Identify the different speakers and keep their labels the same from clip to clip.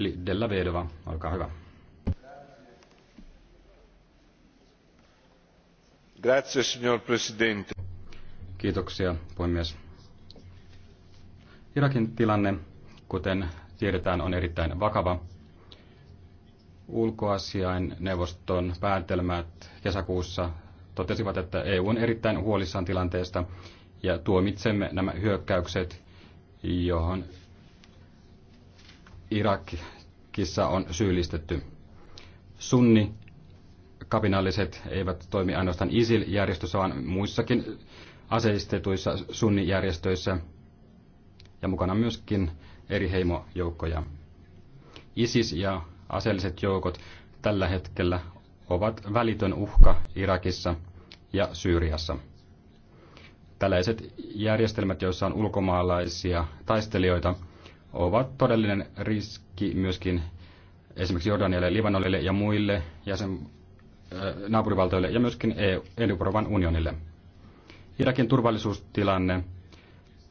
Speaker 1: Eli Della Vedova, olkaa hyvä. Grazie, signor Presidente. Kiitoksia, puhemies. Irakin tilanne, kuten tiedetään, on erittäin vakava. Ulkoasiain neuvoston päätelmät kesäkuussa totesivat, että EU on erittäin huolissaan tilanteesta ja tuomitsemme nämä hyökkäykset, johon Irakissa on syyllistetty. Sunni kapinalliset eivät toimi ainoastaan ISIL-järjestössä, vaan muissakin aseistetuissa sunnijärjestöissä ja mukana myöskin eri heimojoukkoja. ISIS ja aseelliset joukot tällä hetkellä ovat välitön uhka Irakissa ja Syyriassa. Tällaiset järjestelmät, joissa on ulkomaalaisia taistelijoita – ovat todellinen riski myöskin esimerkiksi Jordanialle, Libanonille ja muille jäsen, äh, naapurivaltoille ja myöskin EU, Euroopan unionille. Irakin turvallisuustilanne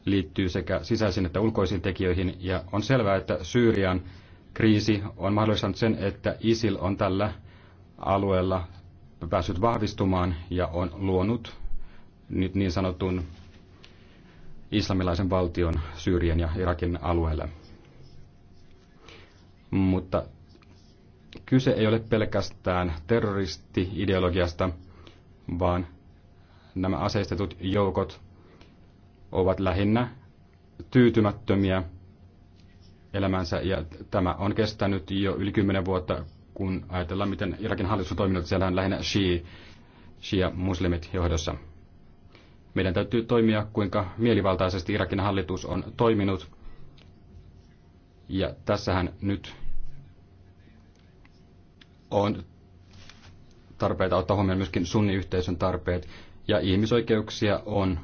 Speaker 1: liittyy sekä sisäisiin että ulkoisiin tekijöihin ja on selvää, että Syyrian kriisi on mahdollistanut sen, että ISIL on tällä alueella päässyt vahvistumaan ja on luonut nyt niin sanotun islamilaisen valtion Syyrian ja Irakin alueelle. Mutta kyse ei ole pelkästään terroristi-ideologiasta, vaan nämä aseistetut joukot ovat lähinnä tyytymättömiä elämänsä, ja tämä on kestänyt jo yli kymmenen vuotta, kun ajatellaan, miten Irakin hallitus on toiminut. Siellä on lähinnä shia-muslimit johdossa. Meidän täytyy toimia, kuinka mielivaltaisesti Irakin hallitus on toiminut. Ja tässähän nyt on tarpeita ottaa huomioon myöskin sunniyhteisön tarpeet. Ja ihmisoikeuksia on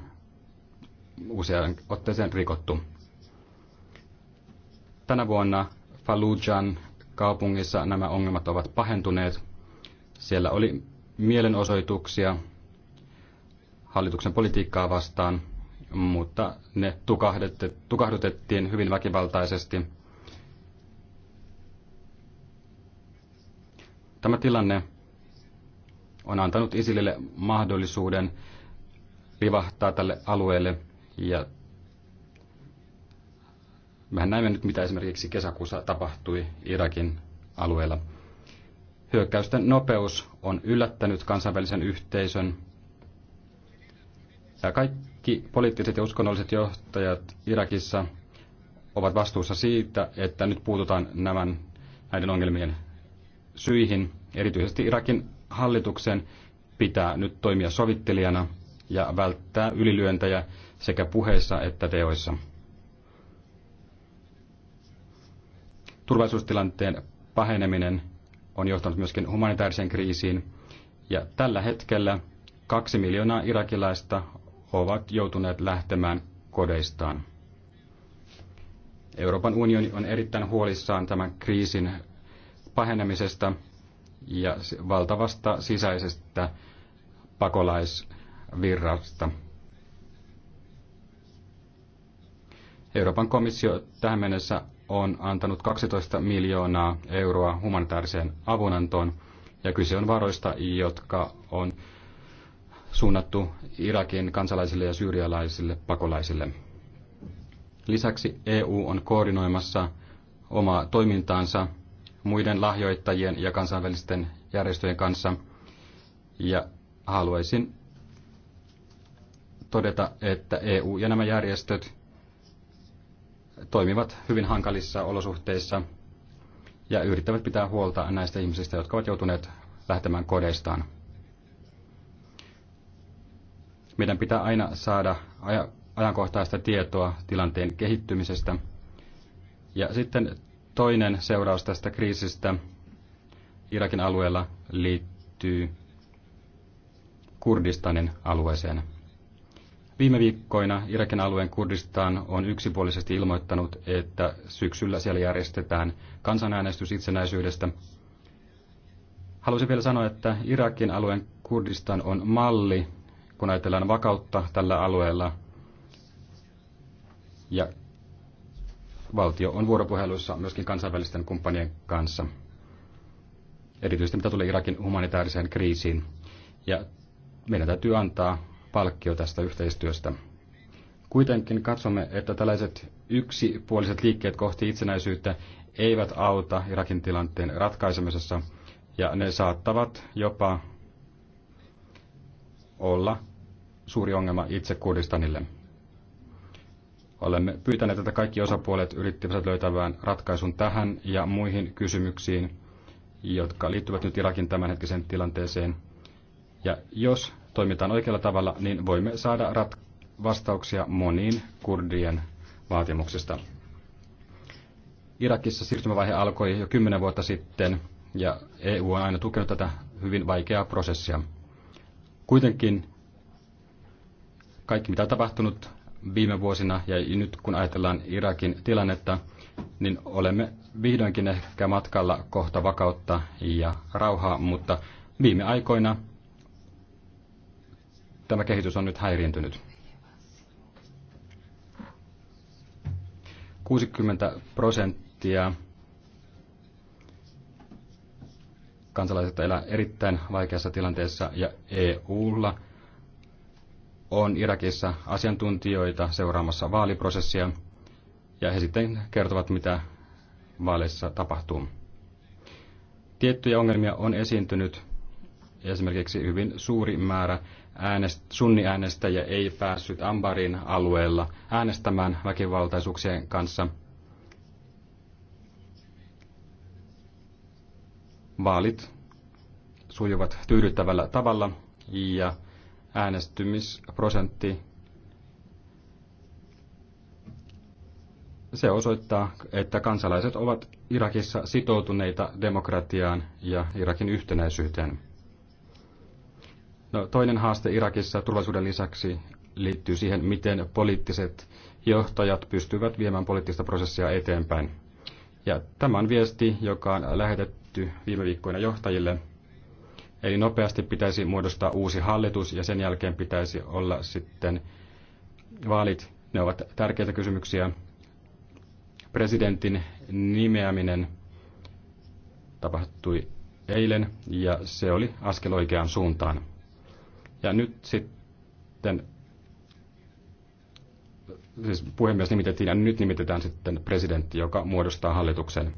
Speaker 1: usean otteeseen rikottu. Tänä vuonna Fallujan kaupungissa nämä ongelmat ovat pahentuneet. Siellä oli mielenosoituksia hallituksen politiikkaa vastaan, mutta ne tukahdutettiin hyvin väkivaltaisesti. Tämä tilanne on antanut Isilille mahdollisuuden livahtaa tälle alueelle ja mehän näemme nyt, mitä esimerkiksi kesäkuussa tapahtui Irakin alueella. Hyökkäysten nopeus on yllättänyt kansainvälisen yhteisön ja kaikki poliittiset ja uskonnolliset johtajat Irakissa ovat vastuussa siitä, että nyt puututaan nämän, näiden ongelmien syihin. Erityisesti Irakin hallituksen pitää nyt toimia sovittelijana ja välttää ylilyöntäjä sekä puheissa että teoissa. Turvallisuustilanteen paheneminen on johtanut myöskin humanitaariseen kriisiin, ja tällä hetkellä kaksi miljoonaa irakilaista ovat joutuneet lähtemään kodeistaan. Euroopan unioni on erittäin huolissaan tämän kriisin pahenemisesta ja valtavasta sisäisestä pakolaisvirrasta. Euroopan komissio tähän mennessä on antanut 12 miljoonaa euroa humanitaariseen avunantoon, ja kyse on varoista, jotka on suunnattu Irakin kansalaisille ja syyrialaisille pakolaisille. Lisäksi EU on koordinoimassa omaa toimintaansa muiden lahjoittajien ja kansainvälisten järjestöjen kanssa. Ja haluaisin todeta, että EU ja nämä järjestöt toimivat hyvin hankalissa olosuhteissa ja yrittävät pitää huolta näistä ihmisistä, jotka ovat joutuneet lähtemään kodeistaan. Meidän pitää aina saada ajankohtaista tietoa tilanteen kehittymisestä. Ja sitten toinen seuraus tästä kriisistä Irakin alueella liittyy Kurdistanin alueeseen. Viime viikkoina Irakin alueen Kurdistan on yksipuolisesti ilmoittanut, että syksyllä siellä järjestetään kansanäänestys itsenäisyydestä. Haluaisin vielä sanoa, että Irakin alueen Kurdistan on malli kun ajatellaan vakautta tällä alueella. Ja valtio on vuoropuheluissa myöskin kansainvälisten kumppanien kanssa, erityisesti mitä tulee Irakin humanitaariseen kriisiin. Ja meidän täytyy antaa palkkio tästä yhteistyöstä. Kuitenkin katsomme, että tällaiset yksipuoliset liikkeet kohti itsenäisyyttä eivät auta Irakin tilanteen ratkaisemisessa, ja ne saattavat jopa olla suuri ongelma itse Kurdistanille. Olemme pyytäneet, että kaikki osapuolet yrittivät löytävään ratkaisun tähän ja muihin kysymyksiin, jotka liittyvät nyt Irakin tämänhetkiseen tilanteeseen. Ja jos toimitaan oikealla tavalla, niin voimme saada rat- vastauksia moniin kurdien vaatimuksista. Irakissa siirtymävaihe alkoi jo kymmenen vuotta sitten, ja EU on aina tukenut tätä hyvin vaikeaa prosessia. Kuitenkin kaikki mitä on tapahtunut viime vuosina ja nyt kun ajatellaan Irakin tilannetta, niin olemme vihdoinkin ehkä matkalla kohta vakautta ja rauhaa, mutta viime aikoina tämä kehitys on nyt häiriintynyt. 60 prosenttia kansalaiset elää erittäin vaikeassa tilanteessa ja EUlla on Irakissa asiantuntijoita seuraamassa vaaliprosessia ja he sitten kertovat, mitä vaaleissa tapahtuu. Tiettyjä ongelmia on esiintynyt, esimerkiksi hyvin suuri määrä äänest- sunniäänestäjiä ei päässyt Ambarin alueella äänestämään väkivaltaisuuksien kanssa – vaalit sujuvat tyydyttävällä tavalla ja äänestymisprosentti se osoittaa, että kansalaiset ovat Irakissa sitoutuneita demokratiaan ja Irakin yhtenäisyyteen. No, toinen haaste Irakissa turvallisuuden lisäksi liittyy siihen, miten poliittiset johtajat pystyvät viemään poliittista prosessia eteenpäin. Ja tämä on viesti, joka on lähetetty esitetty viime viikkoina johtajille. Eli nopeasti pitäisi muodostaa uusi hallitus ja sen jälkeen pitäisi olla sitten vaalit. Ne ovat tärkeitä kysymyksiä. Presidentin nimeäminen tapahtui eilen ja se oli askel oikeaan suuntaan. Ja nyt sitten, siis puhemies nimitettiin ja nyt nimitetään sitten presidentti, joka muodostaa hallituksen.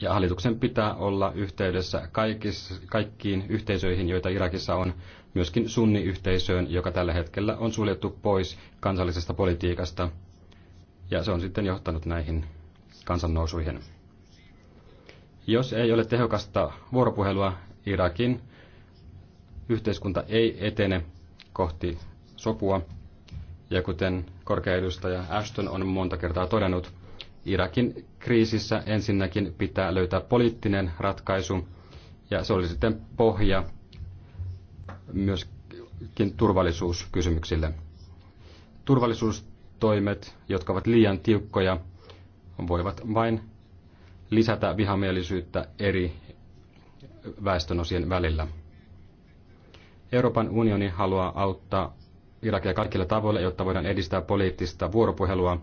Speaker 1: Ja hallituksen pitää olla yhteydessä kaikis, kaikkiin yhteisöihin, joita Irakissa on, myöskin sunniyhteisöön, joka tällä hetkellä on suljettu pois kansallisesta politiikasta. Ja se on sitten johtanut näihin kansannousuihin. Jos ei ole tehokasta vuoropuhelua, Irakin yhteiskunta ei etene kohti sopua. Ja kuten korkea edustaja Ashton on monta kertaa todennut, Irakin kriisissä ensinnäkin pitää löytää poliittinen ratkaisu ja se oli sitten pohja myöskin turvallisuuskysymyksille. Turvallisuustoimet, jotka ovat liian tiukkoja, voivat vain lisätä vihamielisyyttä eri väestönosien välillä. Euroopan unioni haluaa auttaa Irakia kaikilla tavoilla, jotta voidaan edistää poliittista vuoropuhelua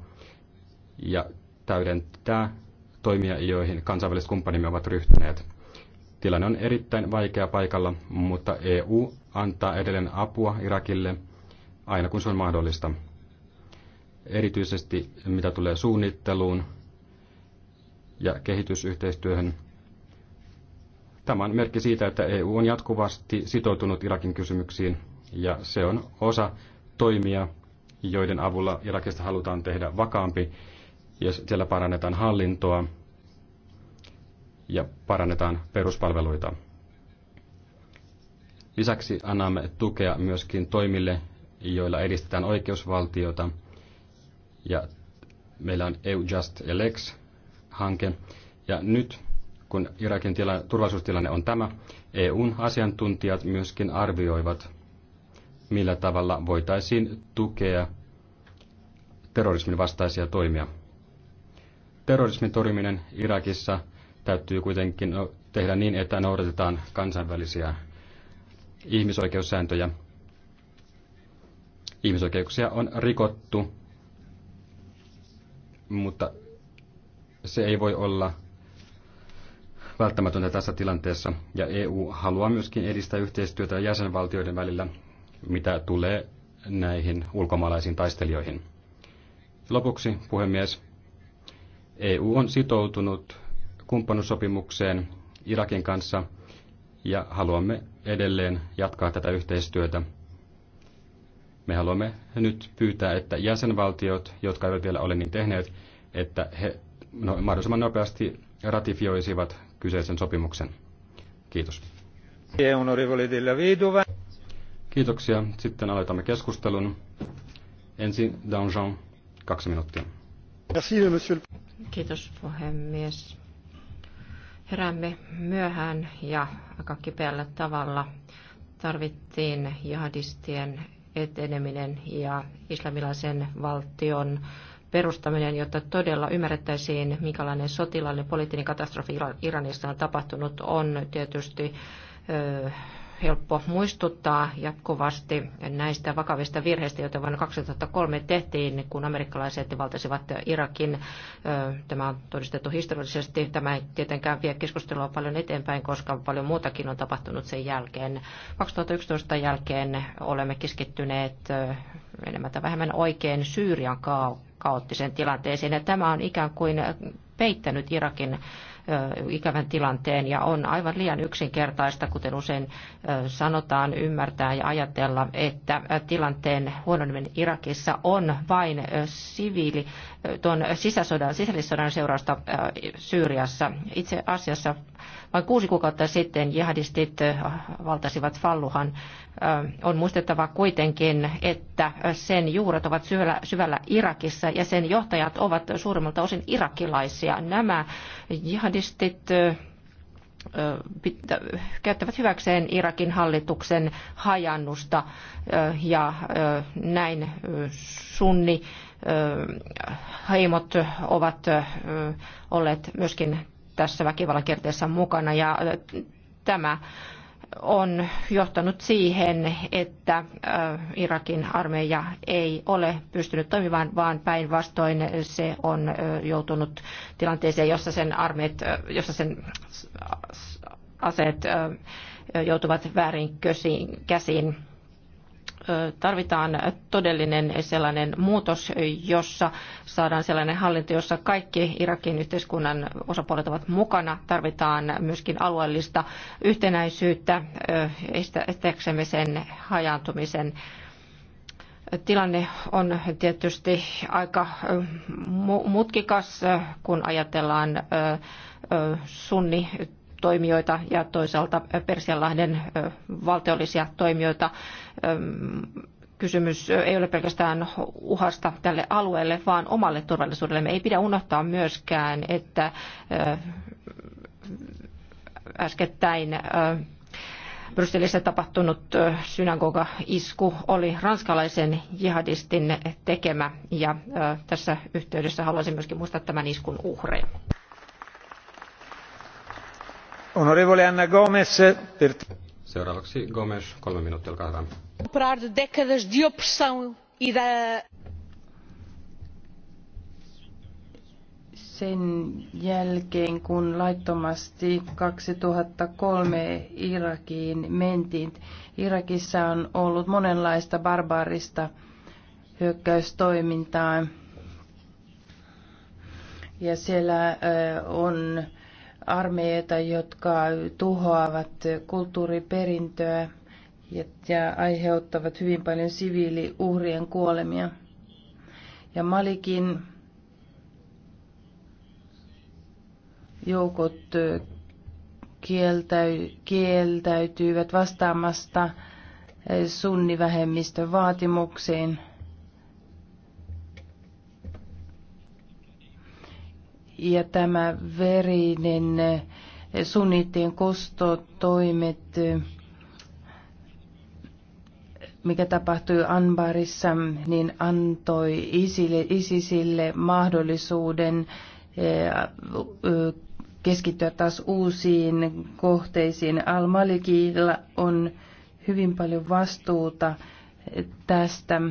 Speaker 1: ja täydentää toimia, joihin kansainväliset kumppanimme ovat ryhtyneet. Tilanne on erittäin vaikea paikalla, mutta EU antaa edelleen apua Irakille aina kun se on mahdollista. Erityisesti mitä tulee suunnitteluun ja kehitysyhteistyöhön. Tämä on merkki siitä, että EU on jatkuvasti sitoutunut Irakin kysymyksiin ja se on osa toimia, joiden avulla Irakista halutaan tehdä vakaampi ja siellä parannetaan hallintoa ja parannetaan peruspalveluita. Lisäksi annamme tukea myöskin toimille, joilla edistetään oikeusvaltiota. Ja meillä on EU Just ja Lex-hanke. Ja nyt, kun Irakin tila- turvallisuustilanne on tämä, EUn asiantuntijat myöskin arvioivat, millä tavalla voitaisiin tukea terrorismin vastaisia toimia. Terrorismin torjuminen Irakissa täytyy kuitenkin no, tehdä niin, että noudatetaan kansainvälisiä ihmisoikeussääntöjä. Ihmisoikeuksia on rikottu, mutta se ei voi olla välttämätöntä tässä tilanteessa. Ja EU haluaa myöskin edistää yhteistyötä jäsenvaltioiden välillä, mitä tulee näihin ulkomaalaisiin taistelijoihin. Lopuksi, puhemies, EU on sitoutunut kumppanussopimukseen Irakin kanssa ja haluamme edelleen jatkaa tätä yhteistyötä. Me haluamme nyt pyytää, että jäsenvaltiot, jotka eivät vielä ole niin tehneet, että he no, mahdollisimman nopeasti ratifioisivat kyseisen sopimuksen. Kiitos. Kiitoksia. Sitten aloitamme keskustelun. Ensin Danjean, kaksi minuuttia.
Speaker 2: Merci, monsieur. Kiitos puhemies. Heräämme myöhään ja aika kipeällä tavalla. Tarvittiin jihadistien eteneminen ja islamilaisen valtion perustaminen, jotta todella ymmärrettäisiin, minkälainen sotilaallinen poliittinen katastrofi Iranissa on tapahtunut, on tietysti helppo muistuttaa jatkuvasti näistä vakavista virheistä, joita vuonna 2003 tehtiin, kun amerikkalaiset valtasivat Irakin. Tämä on todistettu historiallisesti. Tämä ei tietenkään vie keskustelua paljon eteenpäin, koska paljon muutakin on tapahtunut sen jälkeen. 2011 jälkeen olemme keskittyneet enemmän tai vähemmän oikein Syyrian kaoottiseen tilanteeseen, ja tämä on ikään kuin peittänyt Irakin ikävän tilanteen ja on aivan liian yksinkertaista, kuten usein sanotaan, ymmärtää ja ajatella, että tilanteen huononeminen Irakissa on vain siviili tuon sisäsodan, sisällissodan seurausta Syyriassa. Itse asiassa vain kuusi kuukautta sitten jihadistit äh, valtasivat Falluhan. Äh, on muistettava kuitenkin, että sen juuret ovat syvällä, syvällä Irakissa ja sen johtajat ovat suurimmalta osin irakilaisia. Nämä jihadistit äh, käyttävät hyväkseen Irakin hallituksen hajannusta ja näin sunni heimot ovat olleet myöskin tässä väkivallan mukana ja tämä on johtanut siihen, että Irakin armeija ei ole pystynyt toimimaan, vaan päinvastoin se on joutunut tilanteeseen, jossa sen, armeet, jossa sen aseet joutuvat väärin käsiin tarvitaan todellinen sellainen muutos, jossa saadaan sellainen hallinto, jossa kaikki Irakin yhteiskunnan osapuolet ovat mukana. Tarvitaan myöskin alueellista yhtenäisyyttä estääksemme sen hajaantumisen. Tilanne on tietysti aika mutkikas, kun ajatellaan sunni toimijoita ja toisaalta Persianlahden valtiollisia toimijoita kysymys ei ole pelkästään uhasta tälle alueelle, vaan omalle turvallisuudelle. Me ei pidä unohtaa myöskään, että äskettäin Brysselissä tapahtunut synagoga-isku oli ranskalaisen jihadistin tekemä ja tässä yhteydessä haluaisin myöskin muistaa tämän iskun uhreja.
Speaker 1: Onorevole Anna Gomes. kolme minuuttia, olkaa
Speaker 2: hyvä. décadas de opressão e da...
Speaker 3: Sen jälkeen, kun laittomasti 2003 Irakiin mentiin, Irakissa on ollut monenlaista barbaarista hyökkäystoimintaa. Ja siellä on armeijoita, jotka tuhoavat kulttuuriperintöä ja aiheuttavat hyvin paljon siviiliuhrien kuolemia. Ja Malikin joukot kieltäy, kieltäytyivät vastaamasta sunnivähemmistön vaatimuksiin – ja tämä verinen eh, sunnittien kostotoimet, eh, mikä tapahtui Anbarissa, niin antoi isille, isisille mahdollisuuden eh, keskittyä taas uusiin kohteisiin. Al-Malikilla on hyvin paljon vastuuta tästä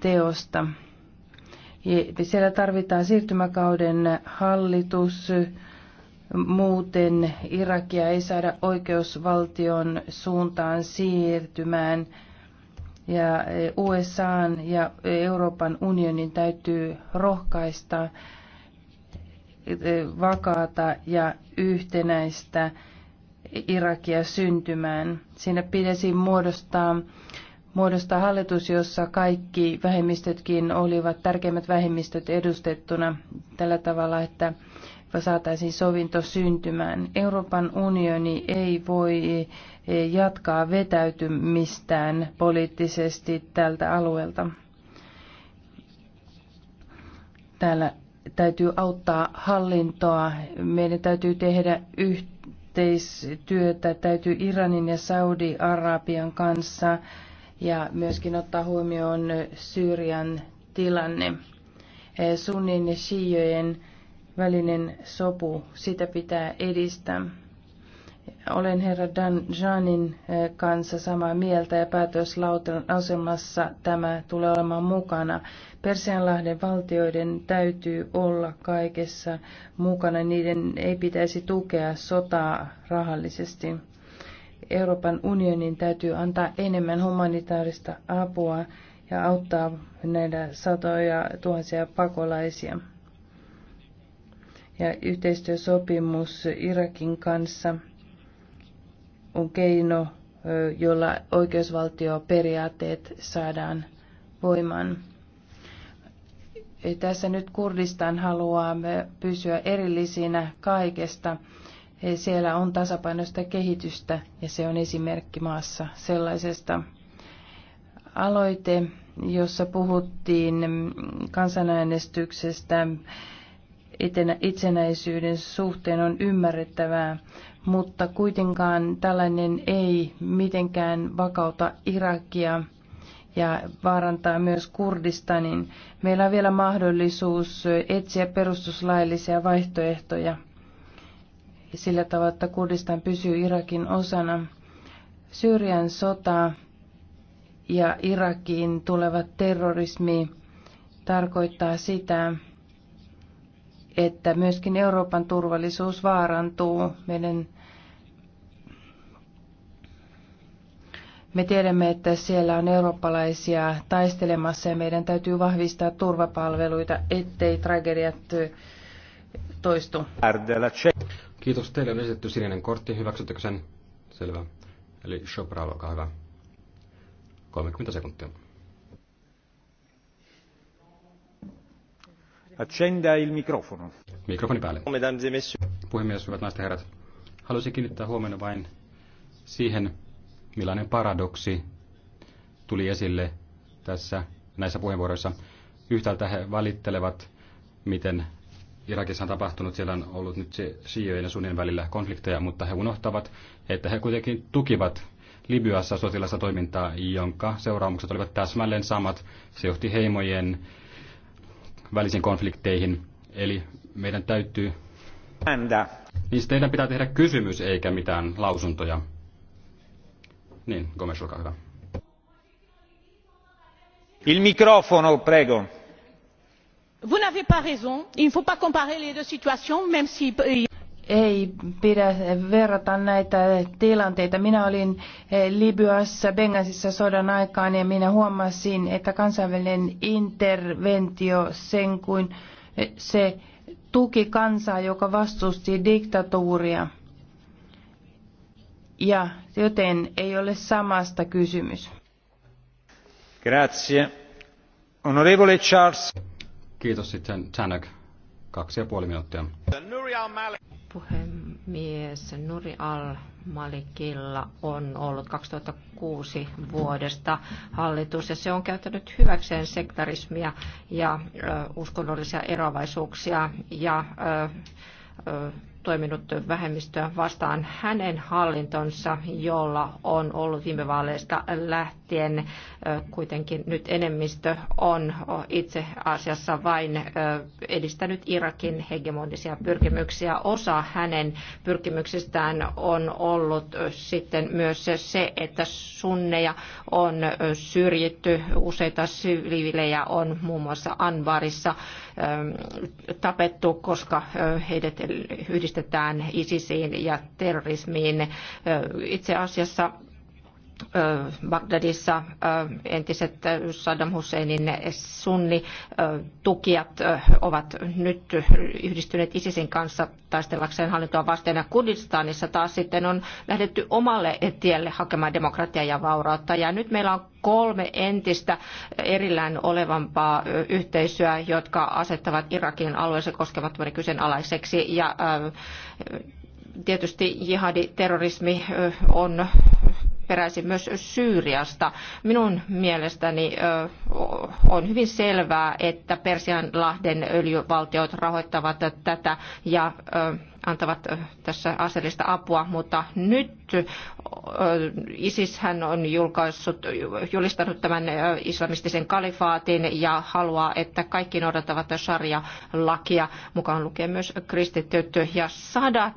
Speaker 3: teosta. Siellä tarvitaan siirtymäkauden hallitus, muuten Irakia ei saada oikeusvaltion suuntaan siirtymään. Ja USA ja Euroopan unionin täytyy rohkaista e, vakaata ja yhtenäistä Irakia syntymään. Siinä pitäisi muodostaa muodostaa hallitus, jossa kaikki vähemmistötkin olivat tärkeimmät vähemmistöt edustettuna tällä tavalla, että saataisiin sovinto syntymään. Euroopan unioni ei voi e, jatkaa vetäytymistään poliittisesti tältä alueelta. Täällä täytyy auttaa hallintoa. Meidän täytyy tehdä yhteistyötä. Täytyy Iranin ja Saudi-Arabian kanssa ja myöskin ottaa huomioon Syyrian tilanne. Eh, Sunnin ja shiojen välinen sopu, sitä pitää edistää. Olen herra Dan Janin eh, kanssa samaa mieltä ja päätöslauselmassa tämä tulee olemaan mukana. Persianlahden valtioiden täytyy olla kaikessa mukana, niiden ei pitäisi tukea sotaa rahallisesti. Euroopan unionin täytyy antaa enemmän humanitaarista apua ja auttaa näitä satoja tuhansia pakolaisia. Ja yhteistyösopimus Irakin kanssa on keino, jolla oikeusvaltioperiaatteet saadaan voimaan. Tässä nyt Kurdistan haluaa pysyä erillisinä kaikesta siellä on tasapainoista kehitystä ja se on esimerkki maassa sellaisesta. Aloite, jossa puhuttiin kansanäänestyksestä itsenäisyyden suhteen, on ymmärrettävää, mutta kuitenkaan tällainen ei mitenkään vakauta Irakia ja vaarantaa myös Kurdistanin. Meillä on vielä mahdollisuus etsiä perustuslaillisia vaihtoehtoja sillä tavalla, että Kurdistan pysyy Irakin osana. Syyrian sota ja Irakiin tuleva terrorismi tarkoittaa sitä, että myöskin Euroopan turvallisuus vaarantuu. Meidän, me tiedämme, että siellä on eurooppalaisia taistelemassa ja meidän täytyy vahvistaa turvapalveluita, ettei tragediat
Speaker 1: toistu. Kiitos. Teille on esitetty sininen kortti. Hyväksyttekö sen? Selvä. Eli Chopral, olkaa hyvä. 30 sekuntia. Accenda il microfono. Mikrofoni päälle. Puhemies, hyvät naiset ja herrat. Haluaisin kiinnittää huomenna vain siihen, millainen paradoksi tuli esille tässä näissä puheenvuoroissa. Yhtäältä he valittelevat, miten Irakissa on tapahtunut, siellä on ollut nyt shiojen ja sunien välillä konflikteja, mutta he unohtavat, että he kuitenkin tukivat Libyassa sotilasta toimintaa, jonka seuraamukset olivat täsmälleen samat. Se johti heimojen välisiin konflikteihin. Eli meidän täytyy... Anda. Niin teidän pitää tehdä kysymys eikä mitään lausuntoja. Niin, Gomes, olkaa hyvä. Il microfono, prego vous n'avez
Speaker 3: pas raison il ne faut pas comparer les deux situations même si euh, ei pidä verrata näitä tilanteita. Minä olin eh, Libyassa Bengasissa sodan aikaan ja minä huomasin, että kansainvälinen interventio sen kuin eh, se tuki kansaa, joka vastusti diktatuuria. Ja joten ei ole samasta kysymys.
Speaker 1: Grazie. Onorevole Charles. Kiitos sitten Tanak. Kaksi ja puoli minuuttia.
Speaker 2: Puhemies Nuri Al-Malikilla on ollut 2006 vuodesta hallitus ja se on käyttänyt hyväkseen sektarismia ja ö, uskonnollisia eroavaisuuksia ja ö, toiminut vähemmistöä vastaan. Hänen hallintonsa, jolla on ollut viime vaaleista lähtien kuitenkin nyt enemmistö, on itse asiassa vain edistänyt Irakin hegemonisia pyrkimyksiä. Osa hänen pyrkimyksistään on ollut sitten myös se, että sunneja on syrjitty, useita siviilejä on muun muassa Anbarissa Ähm, tapettu, koska heidät yhdistetään ISISiin ja terrorismiin. Itse asiassa Bagdadissa entiset Saddam Husseinin sunni tukijat ovat nyt yhdistyneet ISISin kanssa taistellakseen hallintoa vastaan. Ja Kurdistanissa taas sitten on lähdetty omalle tielle hakemaan demokratiaa ja vaurautta. Ja nyt meillä on kolme entistä erillään olevampaa yhteisöä, jotka asettavat Irakin alueeseen koskemattomuuden kyseenalaiseksi. Ja tietysti jihadi terrorismi on peräisin myös Syyriasta. Minun mielestäni on hyvin selvää, että Persianlahden öljyvaltiot rahoittavat tätä ja antavat tässä aseellista apua, mutta nyt ISIS hän on julkaissut, julistanut tämän islamistisen kalifaatin ja haluaa, että kaikki noudattavat sharia-lakia, mukaan lukee myös kristityt ja sadat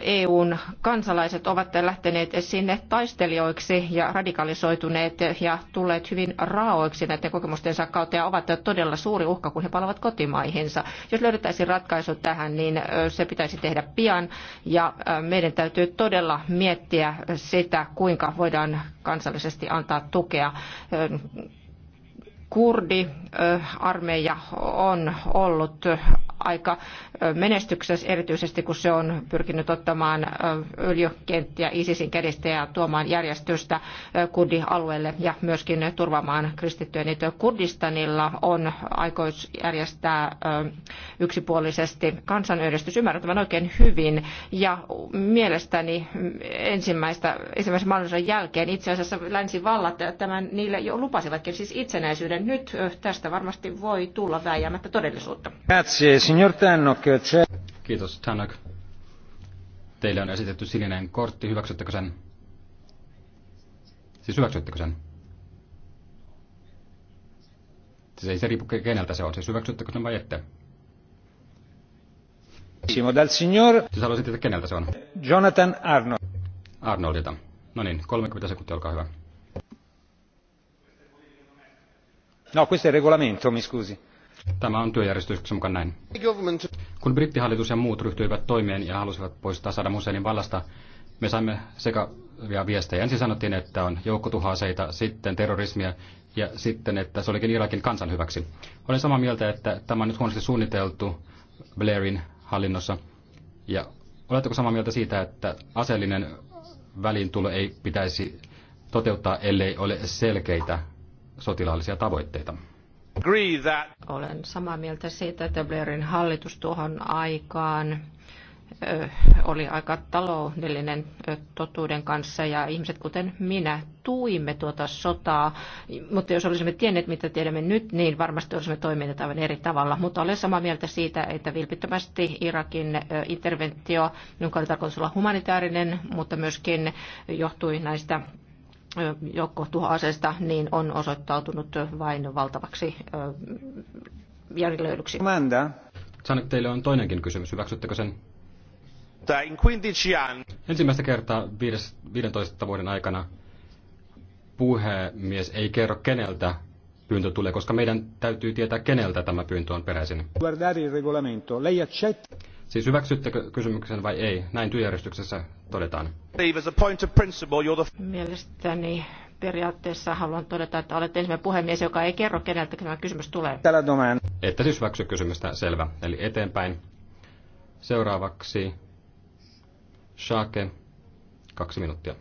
Speaker 2: EUn kansalaiset ovat lähteneet sinne taistelijoiksi ja radikalisoituneet ja tulleet hyvin raoiksi näiden kokemustensa kautta ja ovat todella suuri uhka, kun he palavat kotimaihinsa. Jos löydettäisiin ratkaisu tähän, niin se pitäisi tehdä pian ja meidän täytyy todella miettiä sitä, kuinka voidaan kansallisesti antaa tukea kurdiarmeija on ollut aika menestyksessä, erityisesti kun se on pyrkinyt ottamaan öljykenttiä ISISin kädestä ja tuomaan järjestystä kurdialueelle ja myöskin turvaamaan kristittyjen Kurdistanilla on aikois järjestää yksipuolisesti kansanöydistys ymmärtävän oikein hyvin ja mielestäni ensimmäistä, ensimmäisen maailmansodan jälkeen itse asiassa länsivallat tämän niille jo lupasivatkin siis itsenäisyyden nyt tästä varmasti voi tulla vääjäämättä todellisuutta.
Speaker 1: signor Kiitos, Tannock. Teille on esitetty sininen kortti. Hyväksyttekö sen? Siis hyväksyttekö sen? Siis ei se riippu keneltä se on. Siis hyväksyttekö sen vai ette? Dal signor... Siis haluaisitte, tietää keneltä se on. Jonathan Arnold. Arnoldilta. No niin, 30 sekuntia, olkaa hyvä. No, questo è regolamento, mi scusi. Tämä on työjärjestyksen mukaan näin. Kun brittihallitus ja muut ryhtyivät toimeen ja halusivat poistaa Saddam Husseinin vallasta, me saimme sekavia viestejä. Ensin sanottiin, että on joukkotuhoaseita, sitten terrorismia ja sitten, että se olikin Irakin kansan hyväksi. Olen samaa mieltä, että tämä on nyt huonosti suunniteltu Blairin hallinnossa. Ja oletteko samaa mieltä siitä, että aseellinen väliintulo ei pitäisi toteuttaa, ellei ole selkeitä sotilaallisia tavoitteita.
Speaker 2: Olen samaa mieltä siitä, että Blairin hallitus tuohon aikaan oli aika taloudellinen totuuden kanssa ja ihmiset kuten minä tuimme tuota sotaa, mutta jos olisimme tienneet mitä tiedämme nyt, niin varmasti olisimme toimineet aivan eri tavalla. Mutta olen samaa mieltä siitä, että vilpittömästi Irakin interventio, jonka oli tarkoitus olla humanitaarinen, mutta myöskin johtui näistä joukkotuhoaseesta, niin on osoittautunut vain valtavaksi
Speaker 1: järjelöilyksi. Manda. Sanek, teille on toinenkin kysymys. Hyväksyttekö sen? Ensimmäistä kertaa 15 vuoden aikana puhemies ei kerro keneltä pyyntö tulee, koska meidän täytyy tietää, keneltä tämä pyyntö on peräisin. Siis hyväksyttekö kysymyksen vai ei? Näin työjärjestyksessä todetaan. Mielestäni
Speaker 2: periaatteessa haluan todeta, että olet ensimmäinen puhemies, joka ei kerro, keneltä tämä kysymys tulee.
Speaker 1: Että siis hyväksy kysymystä, selvä. Eli eteenpäin. Seuraavaksi Shake, kaksi minuuttia.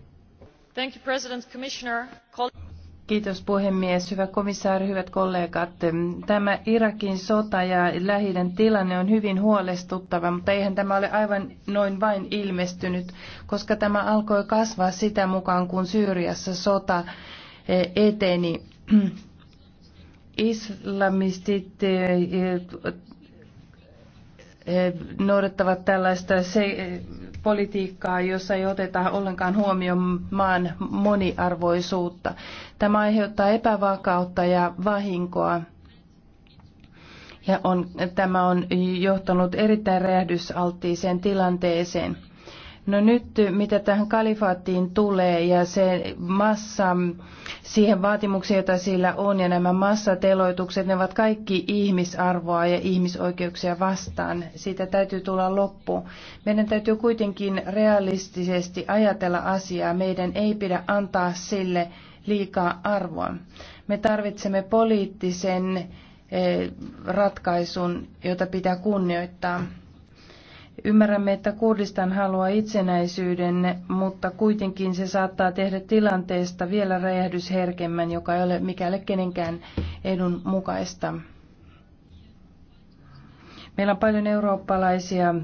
Speaker 3: Thank you, President, Commissioner. Kiitos puhemies, hyvä komissaari, hyvät kollegat. Tämä Irakin sota ja lähi tilanne on hyvin huolestuttava, mutta eihän tämä ole aivan noin vain ilmestynyt, koska tämä alkoi kasvaa sitä mukaan, kun Syyriassa sota eh, eteni. Islamistit eh, eh, noudattavat tällaista se, politiikkaa, jossa ei oteta ollenkaan huomioon maan moniarvoisuutta. Tämä aiheuttaa epävakautta ja vahinkoa. Ja on, tämä on johtanut erittäin räjähdysalttiiseen tilanteeseen. No nyt mitä tähän kalifaattiin tulee ja se massa siihen vaatimuksiin, joita sillä on. Ja nämä massateloitukset, ne ovat kaikki ihmisarvoa ja ihmisoikeuksia vastaan. Siitä täytyy tulla loppu. Meidän täytyy kuitenkin realistisesti ajatella asiaa. Meidän ei pidä antaa sille liikaa arvoa. Me tarvitsemme poliittisen eh, ratkaisun, jota pitää kunnioittaa. Ymmärrämme, että Kurdistan haluaa itsenäisyyden, mutta kuitenkin se saattaa tehdä tilanteesta vielä räjähdysherkemmän, joka ei ole mikäli kenenkään edun mukaista. Meillä on paljon eurooppalaisia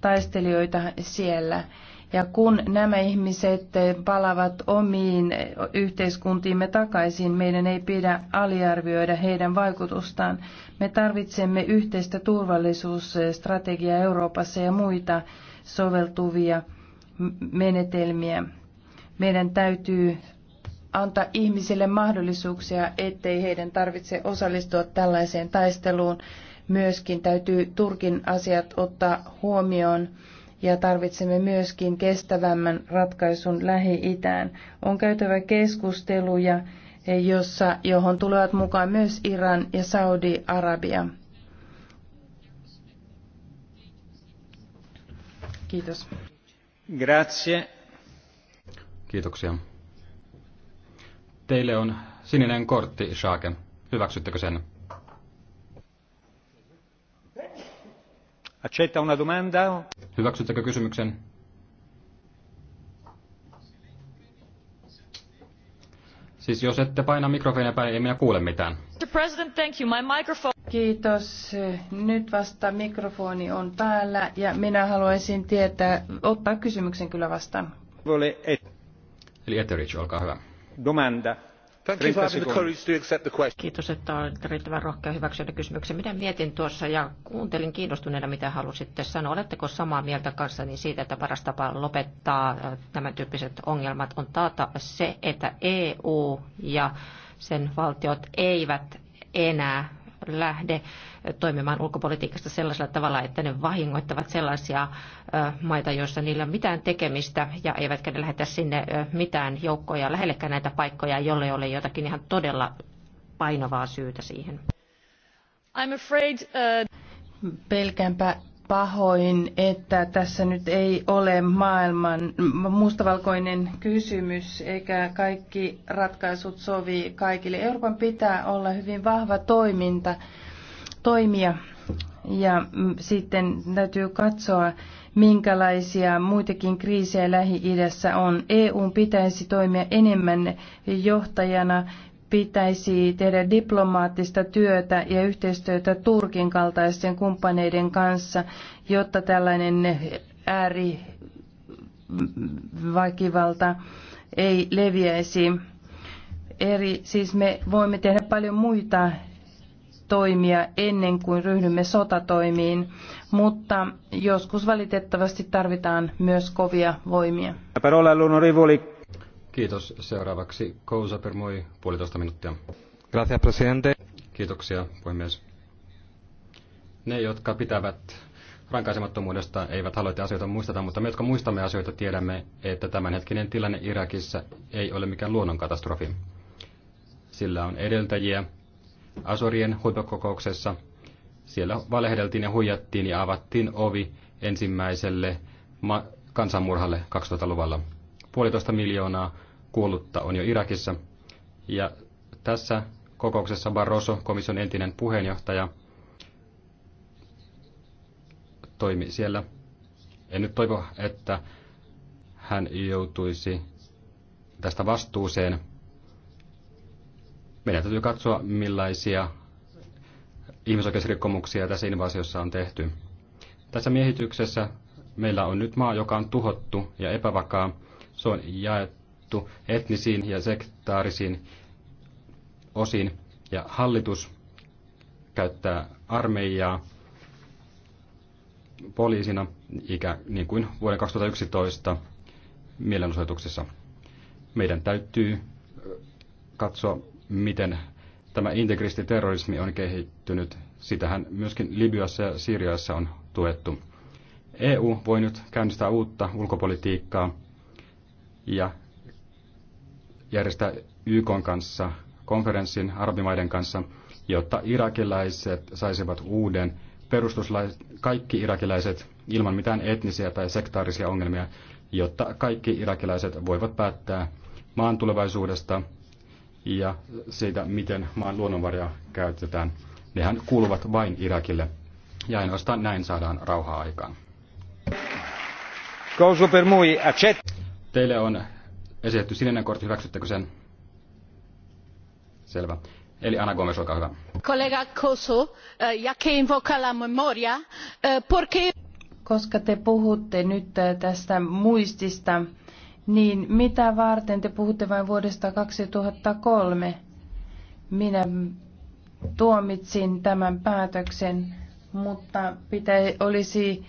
Speaker 3: taistelijoita siellä. Ja kun nämä ihmiset palavat omiin yhteiskuntiimme takaisin, meidän ei pidä aliarvioida heidän vaikutustaan. Me tarvitsemme yhteistä turvallisuusstrategiaa Euroopassa ja muita soveltuvia menetelmiä. Meidän täytyy antaa ihmisille mahdollisuuksia, ettei heidän tarvitse osallistua tällaiseen taisteluun. Myöskin täytyy Turkin asiat ottaa huomioon ja tarvitsemme myöskin kestävämmän ratkaisun Lähi-Itään. On käytävä keskusteluja, jossa, johon tulevat mukaan myös Iran ja Saudi-Arabia.
Speaker 1: Kiitos. Grazie. Kiitoksia. Teille on sininen kortti, Shaken. Hyväksyttekö sen? Accetta una domanda? Hyväksyttekö kysymyksen? Siis jos ette paina mikrofonia päin, ei minä kuule mitään.
Speaker 3: Mr. President, thank you. My microphone... Kiitos. Nyt vasta mikrofoni on päällä ja minä haluaisin tietää,
Speaker 2: ottaa kysymyksen kyllä vastaan.
Speaker 1: Eli Etheridge, olkaa hyvä. Domanda.
Speaker 2: Kiitos, että olitte riittävän rohkea hyväksyä kysymyksen. Minä mietin tuossa ja kuuntelin kiinnostuneena, mitä halusitte sanoa. Oletteko samaa mieltä kanssani siitä, että paras tapa lopettaa äh, tämän tyyppiset ongelmat on taata se, että EU ja sen valtiot eivät enää lähde toimimaan ulkopolitiikasta sellaisella tavalla, että ne vahingoittavat sellaisia maita, joissa niillä on mitään tekemistä ja eivätkä ne lähetä sinne mitään joukkoja lähellekään näitä paikkoja, jolle ei ole jotakin ihan todella painavaa syytä siihen.
Speaker 1: I'm
Speaker 3: afraid, uh... Pelkäänpä, pahoin, että tässä nyt ei ole maailman mustavalkoinen kysymys, eikä kaikki ratkaisut sovi kaikille. Euroopan pitää olla hyvin vahva toiminta, toimia ja mm, sitten täytyy katsoa, minkälaisia muitakin kriisejä Lähi-idässä on. EU pitäisi toimia enemmän johtajana pitäisi tehdä diplomaattista työtä ja yhteistyötä Turkin kaltaisten kumppaneiden kanssa, jotta tällainen ääriväkivalta ei leviäisi. Eri, siis me voimme tehdä paljon muita toimia ennen kuin ryhdymme sotatoimiin, mutta joskus valitettavasti tarvitaan myös kovia voimia.
Speaker 1: Parola all'onorevole Kiitos. Seuraavaksi Kousa Permoi, puolitoista minuuttia. Gracias, presidente. Kiitoksia, puhemies. Ne, jotka pitävät rankaisemattomuudesta, eivät halua, että asioita muisteta, mutta me, jotka muistamme asioita, tiedämme, että tämänhetkinen tilanne Irakissa ei ole mikään luonnonkatastrofi. Sillä on edeltäjiä. Asorien huippukokouksessa siellä valehdeltiin ja huijattiin ja avattiin ovi ensimmäiselle kansanmurhalle 2000-luvulla. Puolitoista miljoonaa kuollutta on jo Irakissa. Ja tässä kokouksessa Barroso, komission entinen puheenjohtaja, toimi siellä. En nyt toivo, että hän joutuisi tästä vastuuseen. Meidän täytyy katsoa, millaisia ihmisoikeusrikkomuksia tässä invasiossa on tehty. Tässä miehityksessä meillä on nyt maa, joka on tuhottu ja epävakaa. Se on jaettu jaettu etnisiin ja sektaarisiin osiin ja hallitus käyttää armeijaa poliisina ikä, niin kuin vuoden 2011 mielenosoituksessa. Meidän täytyy katsoa, miten tämä integristiterrorismi on kehittynyt. Sitähän myöskin Libyassa ja Syriassa on tuettu. EU voi nyt käynnistää uutta ulkopolitiikkaa ja järjestää YK kanssa konferenssin arabimaiden kanssa, jotta irakilaiset saisivat uuden perustuslain, kaikki irakilaiset ilman mitään etnisiä tai sektaarisia ongelmia, jotta kaikki irakilaiset voivat päättää maan tulevaisuudesta ja siitä, miten maan luonnonvaroja käytetään. Nehän kuuluvat vain Irakille. Ja ainoastaan näin saadaan rauhaa aikaan. Teille on esitetty sininen kortti, hyväksyttekö sen? Selvä. Eli Anna Gomes, olkaa hyvä.
Speaker 2: Kollega Koso, eh,
Speaker 3: ja que invoca la memoria, eh, porque... Koska te puhutte nyt eh, tästä muistista, niin mitä varten te puhutte vain vuodesta 2003? Minä tuomitsin tämän päätöksen, mutta pitä, olisi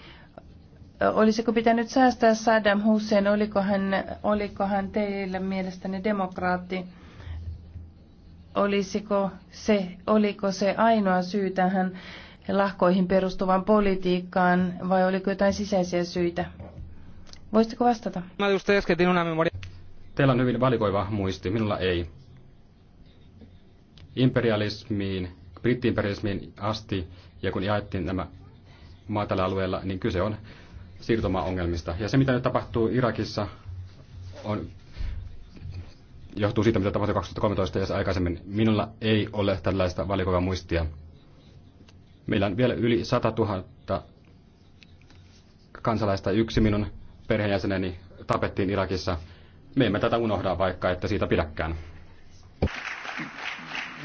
Speaker 3: Olisiko pitänyt säästää Saddam Hussein? Oliko hän, oliko hän teillä mielestäni demokraatti? Olisiko se, oliko se ainoa syy tähän lahkoihin perustuvan politiikkaan vai oliko jotain sisäisiä syitä? Voisitko vastata?
Speaker 1: Teillä on hyvin valikoiva muisti, minulla ei. Imperialismiin, brittiimperialismiin asti ja kun jaettiin nämä maatalla alueella, niin kyse on siirtomaongelmista. Ja se, mitä tapahtuu Irakissa, on, johtuu siitä, mitä tapahtui 2013 ja se aikaisemmin. Minulla ei ole tällaista valikoivaa muistia. Meillä on vielä yli 100 000 kansalaista. Yksi minun perheenjäseneni tapettiin Irakissa. Me emme tätä unohda, vaikka että siitä pidäkään.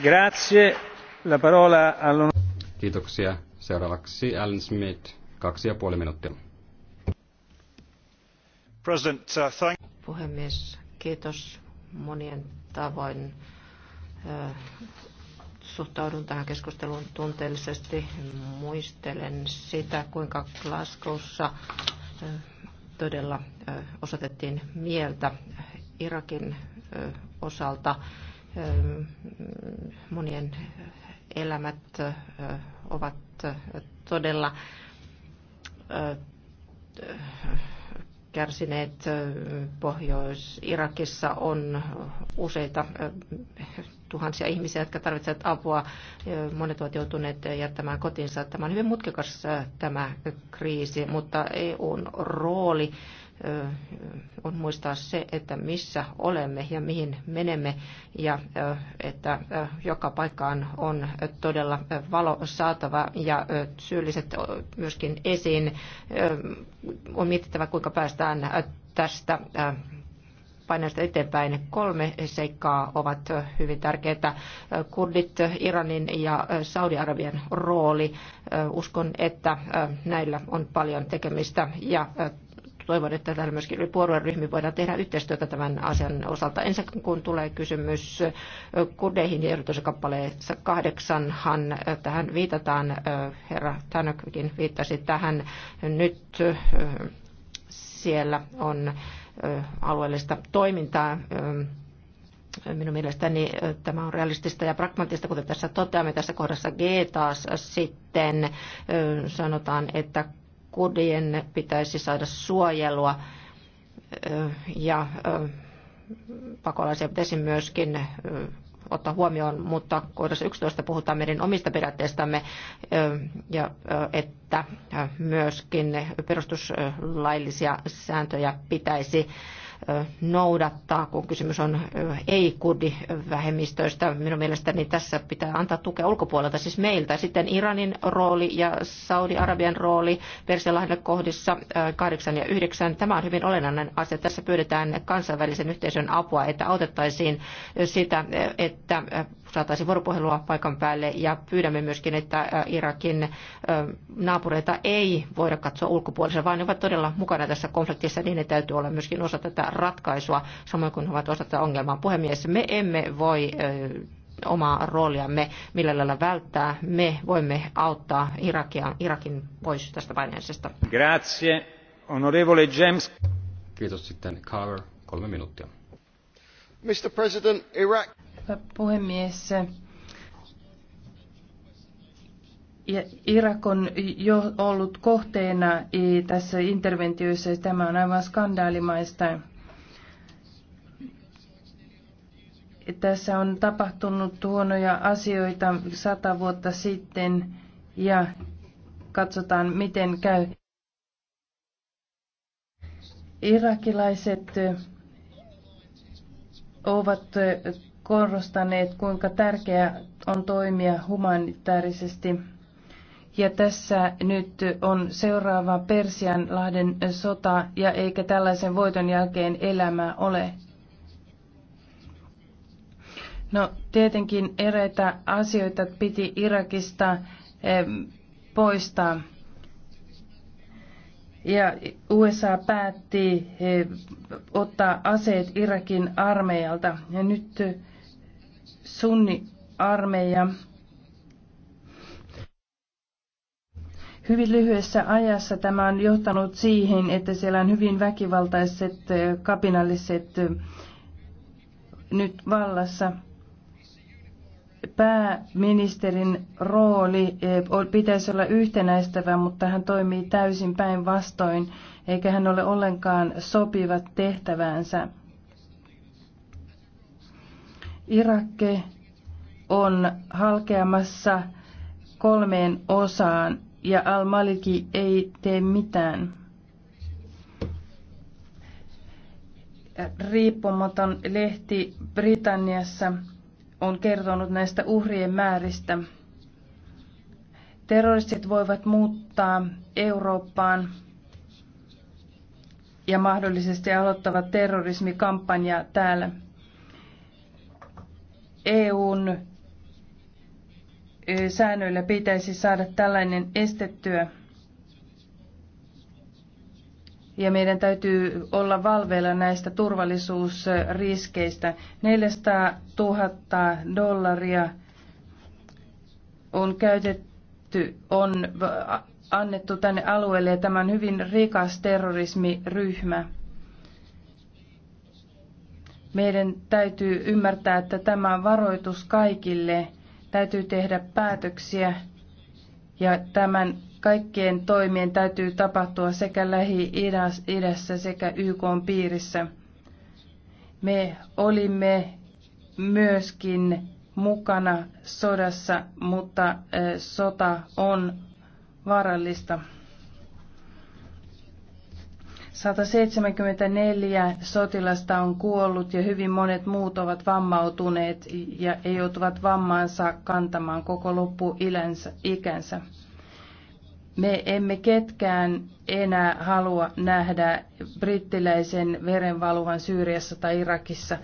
Speaker 1: Grazie. La parola all'on... Kiitoksia. Seuraavaksi Alan Smith, kaksi ja puoli minuuttia.
Speaker 2: Uh, Puhemies, kiitos monien tavoin. Suhtaudun tähän keskusteluun tunteellisesti. Muistelen sitä, kuinka Glasgowssa todella osoitettiin mieltä Irakin osalta. Monien elämät ovat todella kärsineet. Pohjois-Irakissa on useita tuhansia ihmisiä, jotka tarvitsevat apua. Monet ovat joutuneet jättämään kotinsa. Tämä on hyvin mutkikas tämä kriisi, mutta EUn rooli on muistaa se, että missä olemme ja mihin menemme ja että joka paikkaan on todella valo saatava ja syylliset myöskin esiin. On mietittävä, kuinka päästään tästä paineesta eteenpäin. Kolme seikkaa ovat hyvin tärkeitä. Kurdit, Iranin ja Saudi-Arabian rooli. Uskon, että näillä on paljon tekemistä ja toivon, että täällä myöskin yli puolueryhmiin voidaan tehdä yhteistyötä tämän asian osalta. Ensin kun tulee kysymys kurdeihin ja erotuskappaleessa kahdeksanhan tähän viitataan, herra Tänökkikin viittasi tähän nyt siellä on alueellista toimintaa minun mielestäni tämä on realistista ja pragmaattista, kuten tässä toteamme tässä kohdassa G taas sitten sanotaan, että kurdien pitäisi saada suojelua ja pakolaisia pitäisi myöskin ottaa huomioon, mutta kohdassa 11 puhutaan meidän omista periaatteistamme ja että myöskin perustuslaillisia sääntöjä pitäisi noudattaa, kun kysymys on ei-kurdivähemmistöistä. Minun mielestäni tässä pitää antaa tukea ulkopuolelta, siis meiltä. Sitten Iranin rooli ja Saudi-Arabian rooli Persialahden kohdissa 8 ja 9. Tämä on hyvin olennainen asia. Tässä pyydetään kansainvälisen yhteisön apua, että autettaisiin sitä, että saataisiin vuoropuhelua paikan päälle ja pyydämme myöskin, että Irakin naapureita ei voida katsoa ulkopuolisena, vaan ne ovat todella mukana tässä konfliktissa, niin ne täytyy olla myöskin osa tätä ratkaisua, samoin kuin ovat osa tätä ongelmaa. Puhemies, me emme voi omaa rooliamme millä lailla välttää. Me voimme auttaa Irakia, Irakin pois tästä paineisesta.
Speaker 1: Grazie. Onorevole James. Kiitos sitten Carver. Kolme minuuttia.
Speaker 2: Mr. President, Iraq...
Speaker 3: Hyvä puhemies. Irak on jo ollut kohteena tässä interventioissa. Tämä on aivan skandaalimaista. Tässä on tapahtunut huonoja asioita sata vuotta sitten ja katsotaan miten käy. Irakilaiset ovat korostaneet, kuinka tärkeää on toimia humanitaarisesti. Ja tässä nyt on seuraava Persianlahden sota, ja eikä tällaisen voiton jälkeen elämää ole. No tietenkin eräitä asioita piti Irakista poistaa. Ja USA päätti ottaa aseet Irakin armeijalta. Ja nyt sunniarmeija Hyvin lyhyessä ajassa tämä on johtanut siihen, että siellä on hyvin väkivaltaiset kapinalliset nyt vallassa. Pääministerin rooli pitäisi olla yhtenäistävä, mutta hän toimii täysin päinvastoin, eikä hän ole ollenkaan sopivat tehtäväänsä. Irak on halkeamassa kolmeen osaan ja al-Maliki ei tee mitään. Riippumaton lehti Britanniassa on kertonut näistä uhrien määristä. Terroristit voivat muuttaa Eurooppaan ja mahdollisesti aloittavat terrorismikampanjaa täällä. EUn säännöillä pitäisi saada tällainen estettyä. Ja meidän täytyy olla valveilla näistä turvallisuusriskeistä. 400 000 dollaria on käytetty, on annettu tänne alueelle ja tämä on hyvin rikas terrorismiryhmä. Meidän täytyy ymmärtää, että tämä on varoitus kaikille. Täytyy tehdä päätöksiä ja tämän kaikkien toimien täytyy tapahtua sekä Lähi-idässä sekä YK piirissä. Me olimme myöskin mukana sodassa, mutta sota on vaarallista. 174 sotilasta on kuollut ja hyvin monet muut ovat vammautuneet ja joutuvat vammaansa kantamaan koko loppu ikänsä. Me emme ketkään enää halua nähdä brittiläisen verenvaluvan Syyriassa tai Irakissa.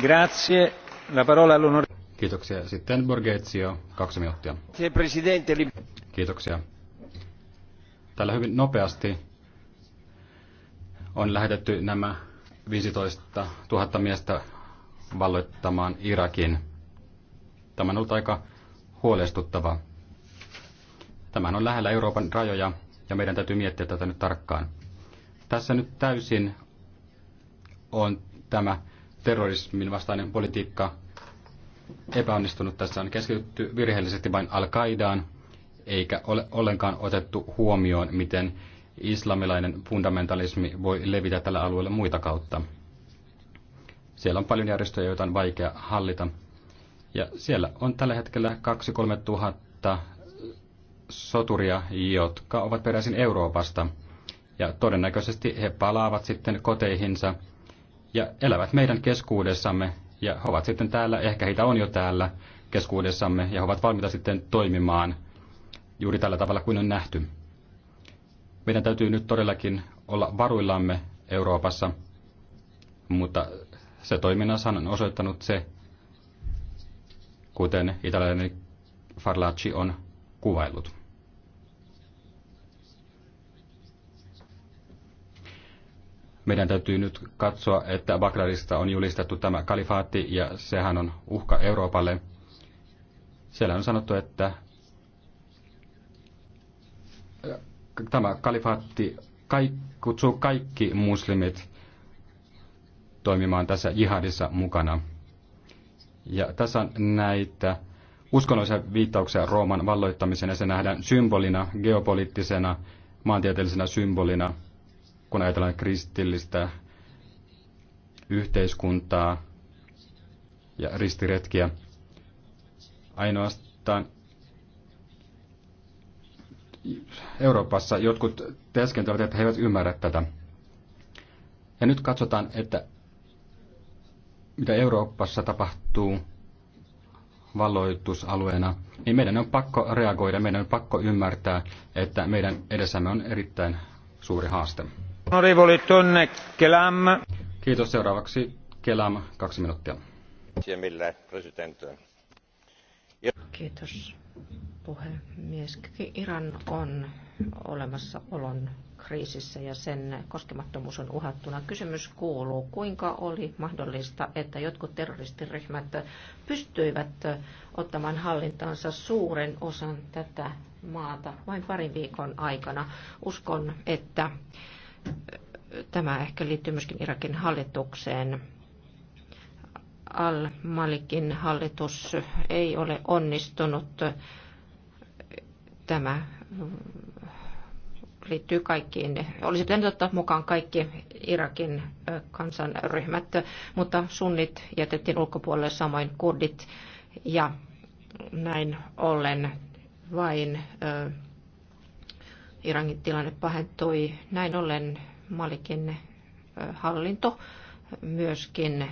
Speaker 1: Grazie. La parola all'onore. Kiitoksia. Sitten Borgezio, kaksi minuuttia. Kiitoksia. Tällä hyvin nopeasti on lähetetty nämä 15 000 miestä valloittamaan Irakin. Tämä on ollut aika huolestuttava. Tämä on lähellä Euroopan rajoja ja meidän täytyy miettiä tätä nyt tarkkaan. Tässä nyt täysin on tämä terrorismin vastainen politiikka epäonnistunut. Tässä on keskitytty virheellisesti vain Al-Qaidaan, eikä ole ollenkaan otettu huomioon, miten islamilainen fundamentalismi voi levitä tällä alueella muita kautta. Siellä on paljon järjestöjä, joita on vaikea hallita. Ja siellä on tällä hetkellä 2-3 tuhatta soturia, jotka ovat peräisin Euroopasta. Ja todennäköisesti he palaavat sitten koteihinsa ja elävät meidän keskuudessamme. Ja he ovat sitten täällä, ehkä heitä on jo täällä keskuudessamme, ja he ovat valmiita sitten toimimaan juuri tällä tavalla kuin on nähty. Meidän täytyy nyt todellakin olla varuillamme Euroopassa, mutta se toiminnassa on osoittanut se, kuten italialainen Farlacci on kuvaillut. Meidän täytyy nyt katsoa, että Bagdadista on julistettu tämä kalifaatti ja sehän on uhka Euroopalle. Siellä on sanottu, että tämä kalifaatti kutsuu kaikki muslimit toimimaan tässä jihadissa mukana. Ja tässä on näitä uskonnollisia viittauksia Rooman valloittamiseen ja se nähdään symbolina, geopoliittisena, maantieteellisenä symbolina, kun ajatellaan kristillistä yhteiskuntaa ja ristiretkiä. Ainoastaan Euroopassa jotkut teeskentelevät, että he eivät ymmärrä tätä. Ja nyt katsotaan, että mitä Euroopassa tapahtuu valloitusalueena, niin meidän on pakko reagoida, meidän on pakko ymmärtää, että meidän edessämme on erittäin suuri haaste. Kiitos seuraavaksi Kelam, kaksi minuuttia.
Speaker 2: Kiitos puhemies. Iran on olemassaolon kriisissä ja sen koskemattomuus on uhattuna. Kysymys kuuluu, kuinka oli mahdollista, että jotkut terroristiryhmät pystyivät ottamaan hallintaansa suuren osan tätä maata vain parin viikon aikana. Uskon, että tämä ehkä liittyy myöskin Irakin hallitukseen. Al-Malikin hallitus ei ole onnistunut Tämä mm, liittyy kaikkiin. Olisi pitänyt ottaa mukaan kaikki Irakin kansanryhmät, mutta sunnit jätettiin ulkopuolelle, samoin kurdit. Ja näin ollen vain Irakin tilanne pahentui. Näin ollen Malikin hallinto myöskin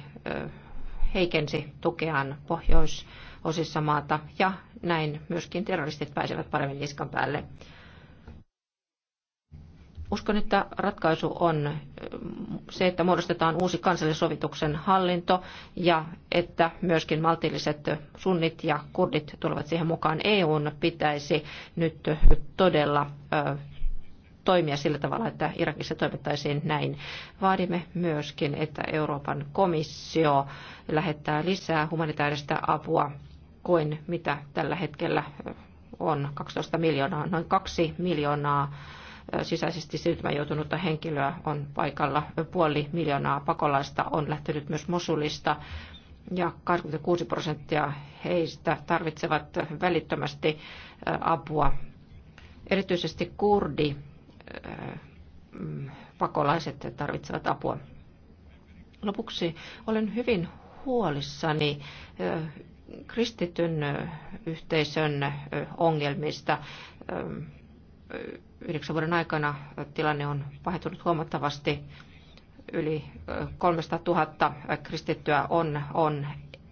Speaker 2: heikensi tukeaan pohjois osissa maata ja näin myöskin terroristit pääsevät paremmin niskan päälle. Uskon, että ratkaisu on se, että muodostetaan uusi kansallisovituksen hallinto ja että myöskin maltilliset sunnit ja kurdit tulevat siihen mukaan. EUn pitäisi nyt todella toimia sillä tavalla, että Irakissa toimittaisiin näin. Vaadimme myöskin, että Euroopan komissio lähettää lisää humanitaarista apua kuin mitä tällä hetkellä on 12 miljoonaa, noin 2 miljoonaa sisäisesti siirtymään joutunutta henkilöä on paikalla. Puoli miljoonaa pakolaista on lähtenyt myös Mosulista ja 26 prosenttia heistä tarvitsevat välittömästi apua. Erityisesti kurdi mm, pakolaiset tarvitsevat apua. Lopuksi olen hyvin huolissani kristityn yhteisön ongelmista. Yhdeksän vuoden aikana tilanne on pahentunut huomattavasti. Yli 300 000 kristittyä on, on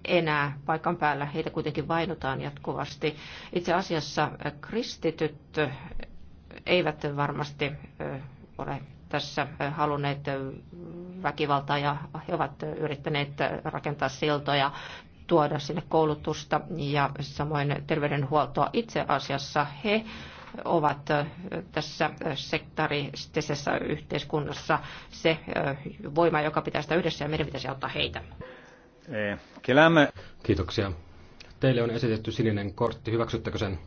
Speaker 2: enää paikan päällä. Heitä kuitenkin vainotaan jatkuvasti. Itse asiassa kristityt eivät varmasti ole tässä halunneet väkivaltaa ja he ovat yrittäneet rakentaa siltoja tuoda sinne koulutusta ja samoin terveydenhuoltoa. Itse asiassa he ovat tässä sektaristisessa yhteiskunnassa se voima, joka pitää sitä yhdessä ja meidän pitäisi auttaa heitä.
Speaker 1: Eh, Kiitoksia. Teille on esitetty sininen kortti. Hyväksyttekö sen?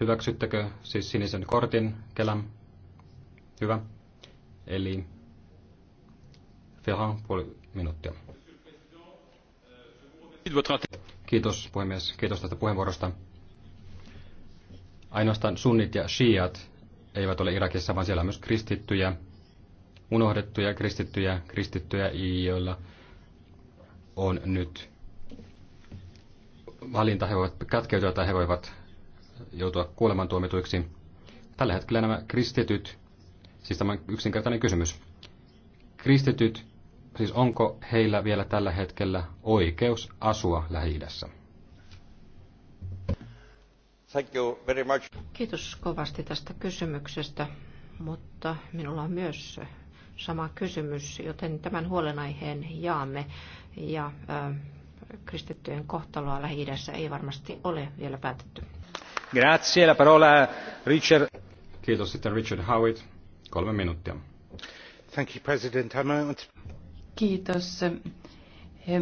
Speaker 1: Hyväksyttekö siis sinisen kortin, Kelam? Hyvä. Eli Ferran, puoli minuuttia. Kiitos puhemies, kiitos tästä puheenvuorosta. Ainoastaan sunnit ja shiat eivät ole Irakissa, vaan siellä on myös kristittyjä, unohdettuja kristittyjä, kristittyjä, joilla on nyt valinta, he voivat katkeutua tai he voivat joutua kuolemantuomituiksi. Tällä hetkellä nämä kristityt, siis tämä on yksinkertainen kysymys, kristityt Siis onko heillä vielä tällä hetkellä oikeus asua Lähi-idässä?
Speaker 2: Kiitos kovasti tästä kysymyksestä, mutta minulla on myös sama kysymys, joten tämän huolenaiheen jaamme. Ja äh, kristittyjen kohtaloa lähi ei varmasti ole vielä
Speaker 1: päätetty. Grazie, la parola Richard. Kiitos sitten Richard Howitt. Kolme minuuttia. Thank you, President. I'm...
Speaker 3: Kiitos.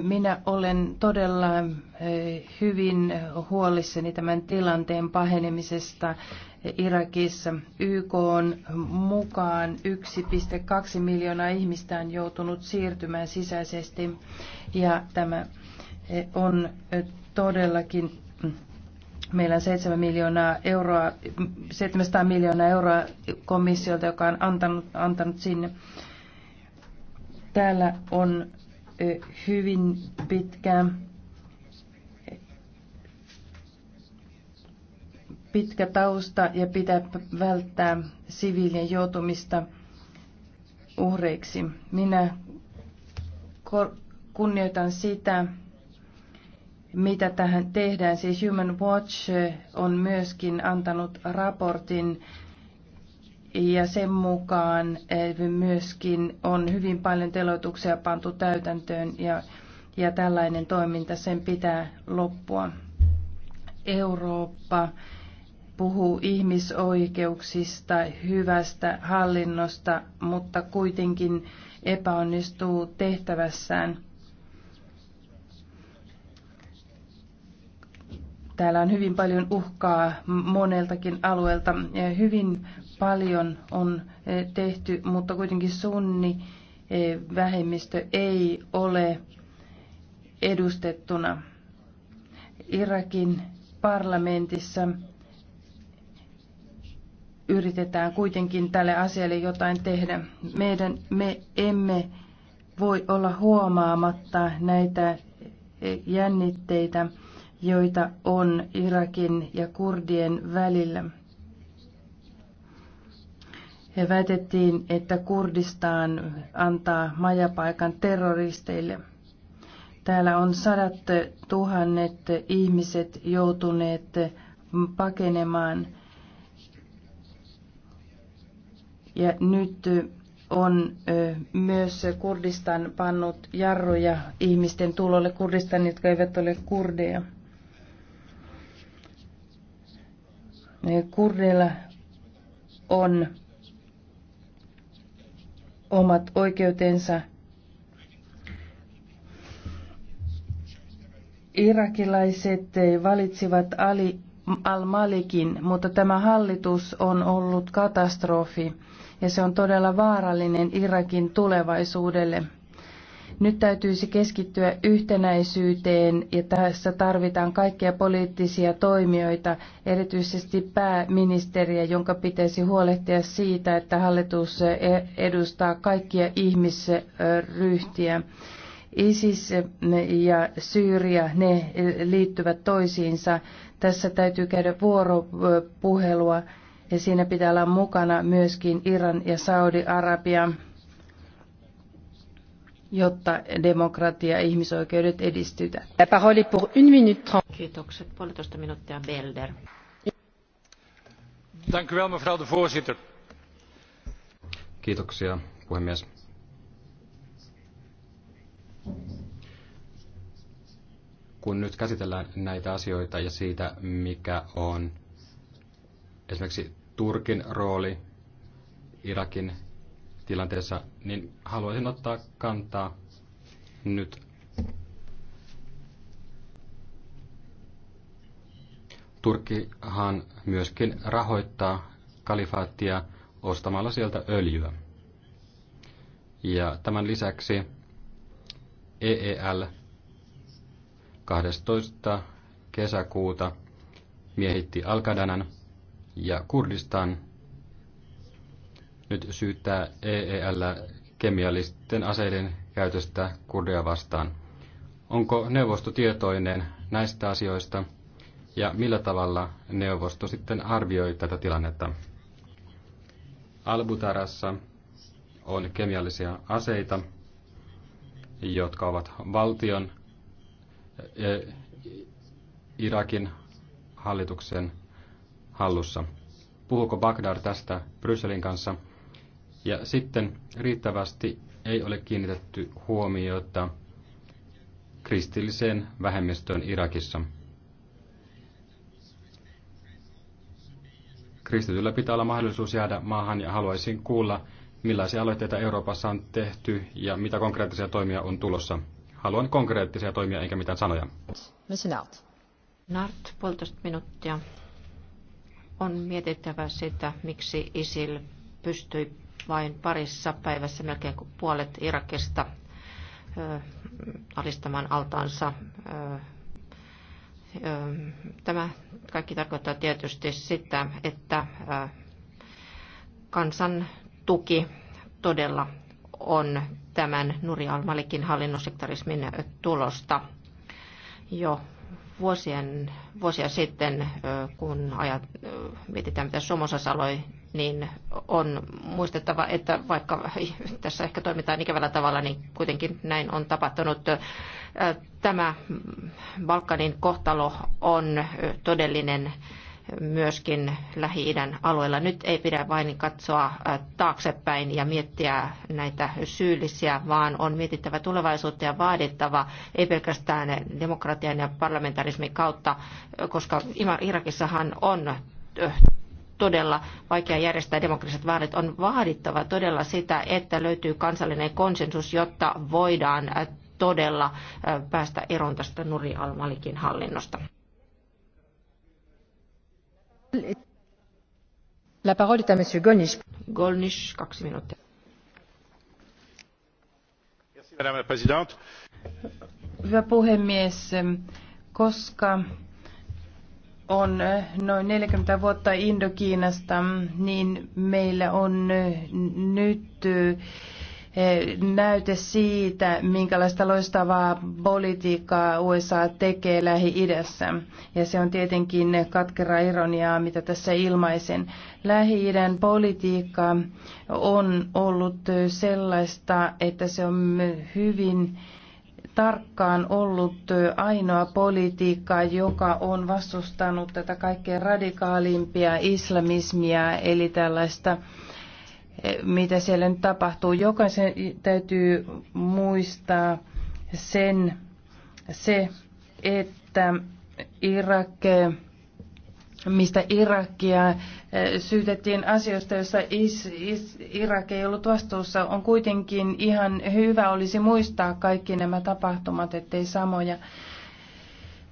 Speaker 3: Minä olen todella eh, hyvin huolissani tämän tilanteen pahenemisesta Irakissa. YK on mukaan 1,2 miljoonaa ihmistä on joutunut siirtymään sisäisesti ja tämä eh, on eh, todellakin Meillä on 7 miljoonaa euroa, 700 miljoonaa euroa komissiolta, joka on antanut, antanut sinne. Täällä on hyvin pitkä, pitkä tausta ja pitää välttää siviilien joutumista uhreiksi. Minä kunnioitan sitä, mitä tähän tehdään. Siis Human Watch on myöskin antanut raportin ja sen mukaan eh, myöskin on hyvin paljon teloituksia pantu täytäntöön ja, ja tällainen toiminta sen pitää loppua. Eurooppa puhuu ihmisoikeuksista, hyvästä hallinnosta, mutta kuitenkin epäonnistuu tehtävässään. Täällä on hyvin paljon uhkaa moneltakin alueelta. Hyvin paljon on eh, tehty, mutta kuitenkin sunni eh, vähemmistö ei ole edustettuna. Irakin parlamentissa yritetään kuitenkin tälle asialle jotain tehdä. Meidän, me emme voi olla huomaamatta näitä eh, jännitteitä, joita on Irakin ja kurdien välillä ja väitettiin, että Kurdistan antaa majapaikan terroristeille. Täällä on sadat tuhannet ihmiset joutuneet pakenemaan. Ja nyt on myös Kurdistan pannut jarruja ihmisten tulolle Kurdistan, jotka eivät ole kurdeja. Kurdeilla on omat oikeutensa. Irakilaiset valitsivat Ali al-Malikin, mutta tämä hallitus on ollut katastrofi ja se on todella vaarallinen Irakin tulevaisuudelle. Nyt täytyisi keskittyä yhtenäisyyteen ja tässä tarvitaan kaikkia poliittisia toimijoita, erityisesti pääministeriä, jonka pitäisi huolehtia siitä, että hallitus edustaa kaikkia ihmisryhtiä. ISIS ja Syyria, ne liittyvät toisiinsa. Tässä täytyy käydä vuoropuhelua ja siinä pitää olla mukana myöskin Iran ja Saudi-Arabia jotta demokratia
Speaker 2: ja ihmisoikeudet edistyvät. La parole pour une minute trente. Kiitokset. Puolitoista minuuttia Belder.
Speaker 1: Dank u wel, mevrouw de voorzitter. Kiitoksia, puhemies. Kun nyt käsitellään näitä asioita ja siitä, mikä on esimerkiksi Turkin rooli Irakin tilanteessa, niin haluaisin ottaa kantaa nyt Turkkihan myöskin rahoittaa kalifaattia ostamalla sieltä öljyä. Ja tämän lisäksi EEL 12. kesäkuuta miehitti Al-Qadanan ja Kurdistan nyt syyttää EEL kemiallisten aseiden käytöstä kurdeja vastaan. Onko neuvosto tietoinen näistä asioista ja millä tavalla neuvosto sitten arvioi tätä tilannetta? Albutarassa on kemiallisia aseita, jotka ovat valtion, e, Irakin hallituksen hallussa. Puhuuko Bagdad tästä Brysselin kanssa? Ja sitten riittävästi ei ole kiinnitetty huomiota kristilliseen vähemmistöön Irakissa. Kristityllä pitää olla mahdollisuus jäädä maahan ja haluaisin kuulla, millaisia aloitteita Euroopassa on tehty ja mitä konkreettisia toimia on tulossa. Haluan konkreettisia toimia eikä mitään sanoja.
Speaker 2: Nart. puolitoista minuuttia. On mietittävä sitä, miksi ISIL pystyi vain parissa päivässä melkein kuin puolet Irakista alistamaan altaansa. Tämä kaikki tarkoittaa tietysti sitä, että kansan tuki todella on tämän Nuri al-Malikin hallinnosektarismin tulosta jo vuosien, vuosia sitten, kun ajat, mietitään mitä Somosas aloi niin on muistettava, että vaikka tässä ehkä toimitaan ikävällä tavalla, niin kuitenkin näin on tapahtunut. Tämä Balkanin kohtalo on todellinen myöskin Lähi-idän alueella. Nyt ei pidä vain katsoa taaksepäin ja miettiä näitä syyllisiä, vaan on mietittävä tulevaisuutta ja vaadittava, ei pelkästään demokratian ja parlamentarismin kautta, koska Irakissahan on todella vaikea järjestää demokraattiset vaalit. On vaadittava todella sitä, että löytyy kansallinen konsensus, jotta voidaan todella päästä eroon tästä Nuri al-Malikin hallinnosta. La parole est à monsieur Golnisch. Golnisch, kaksi minuuttia.
Speaker 3: Merci, madame la présidente. Hyvä puhemies, koska on äh, noin 40 vuotta Indokiinasta, niin meillä on äh, nyt äh, näyte siitä, minkälaista loistavaa politiikkaa USA tekee Lähi-idässä. Ja se on tietenkin katkera ironiaa, mitä tässä ilmaisen. Lähi-idän politiikka on ollut sellaista, että se on hyvin tarkkaan ollut ainoa politiikka, joka on vastustanut tätä kaikkein radikaalimpia islamismia, eli tällaista, mitä siellä nyt tapahtuu. Jokaisen täytyy muistaa sen, se, että Irak mistä Irakia eh, syytettiin asioista, joissa is, is, Irak ei ollut vastuussa, on kuitenkin ihan hyvä olisi muistaa kaikki nämä tapahtumat, ettei samoja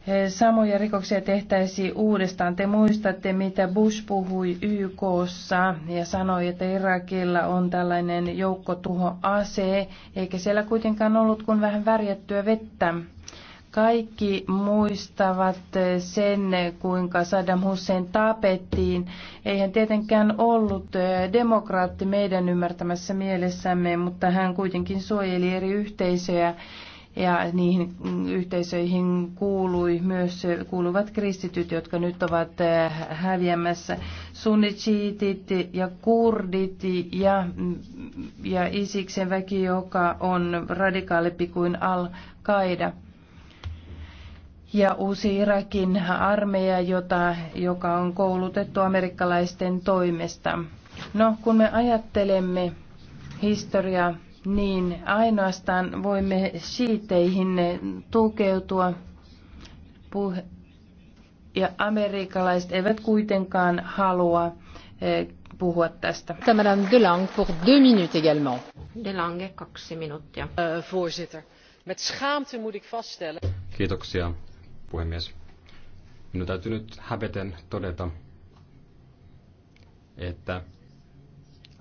Speaker 3: eh, Samoja rikoksia tehtäisi uudestaan. Te muistatte, mitä Bush puhui YKssa ja sanoi, että Irakilla on tällainen joukkotuhoase, eikä siellä kuitenkaan ollut kuin vähän värjättyä vettä. Kaikki muistavat sen, kuinka Saddam Hussein tapettiin. Eihän tietenkään ollut eh, demokraatti meidän ymmärtämässä mielessämme, mutta hän kuitenkin suojeli eri yhteisöjä ja niihin mm, yhteisöihin kuului myös eh, kuuluvat kristityt, jotka nyt ovat eh, häviämässä. sunnitsiitit ja kurdit ja, mm, ja Isiksen väki, joka on radikaalimpi kuin Al-Qaida ja uusi Irakin armeija, jota, joka on koulutettu amerikkalaisten toimesta. No, kun me ajattelemme historiaa, niin ainoastaan voimme siiteihin tukeutua. ja amerikkalaiset eivät kuitenkaan halua eh, puhua tästä. Madame Delange pour
Speaker 2: deux minutes également. Delange kaksi minuuttia. Eh, voorzitter, met schaamte
Speaker 1: moet ik vaststellen. Kiitoksia puhemies. Minun täytyy nyt häpeten todeta, että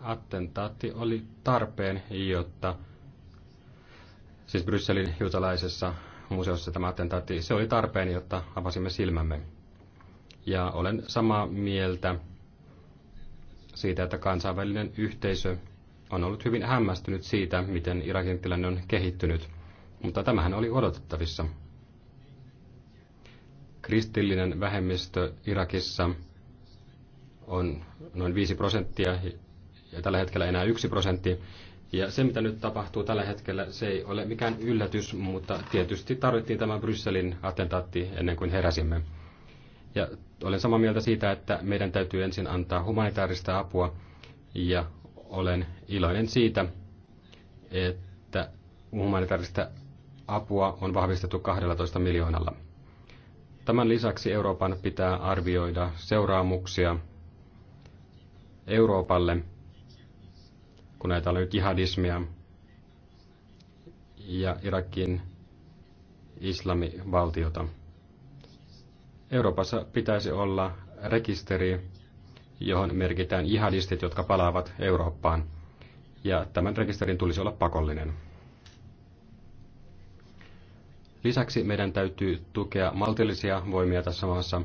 Speaker 1: attentaatti oli tarpeen, jotta siis Brysselin juutalaisessa museossa tämä attentaatti, se oli tarpeen, jotta avasimme silmämme. Ja olen samaa mieltä siitä, että kansainvälinen yhteisö on ollut hyvin hämmästynyt siitä, miten Irakin tilanne on kehittynyt, mutta tämähän oli odotettavissa. Kristillinen vähemmistö Irakissa on noin 5 prosenttia ja tällä hetkellä enää 1 prosentti. Ja se, mitä nyt tapahtuu tällä hetkellä, se ei ole mikään yllätys, mutta tietysti tarvittiin tämä Brysselin attentaatti ennen kuin heräsimme. Ja olen samaa mieltä siitä, että meidän täytyy ensin antaa humanitaarista apua ja olen iloinen siitä, että humanitaarista apua on vahvistettu 12 miljoonalla. Tämän lisäksi Euroopan pitää arvioida seuraamuksia Euroopalle, kun näitä oli jihadismia ja Irakin islamivaltiota. Euroopassa pitäisi olla rekisteri, johon merkitään jihadistit, jotka palaavat Eurooppaan, ja tämän rekisterin tulisi olla pakollinen. Lisäksi meidän täytyy tukea maltillisia voimia tässä maassa.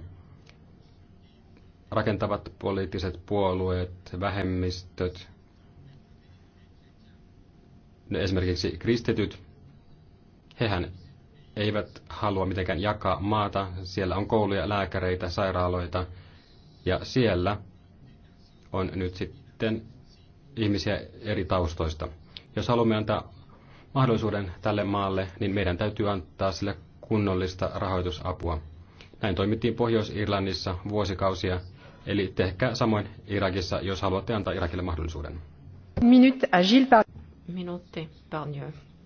Speaker 1: Rakentavat poliittiset puolueet, vähemmistöt, esimerkiksi kristityt, hehän eivät halua mitenkään jakaa maata. Siellä on kouluja, lääkäreitä, sairaaloita ja siellä on nyt sitten ihmisiä eri taustoista. Jos haluamme antaa mahdollisuuden tälle maalle, niin meidän täytyy antaa sille kunnollista rahoitusapua. Näin toimittiin Pohjois-Irlannissa vuosikausia, eli tehkää samoin Irakissa, jos haluatte antaa Irakille mahdollisuuden. Äh,
Speaker 2: Minuutti Agile Minuutti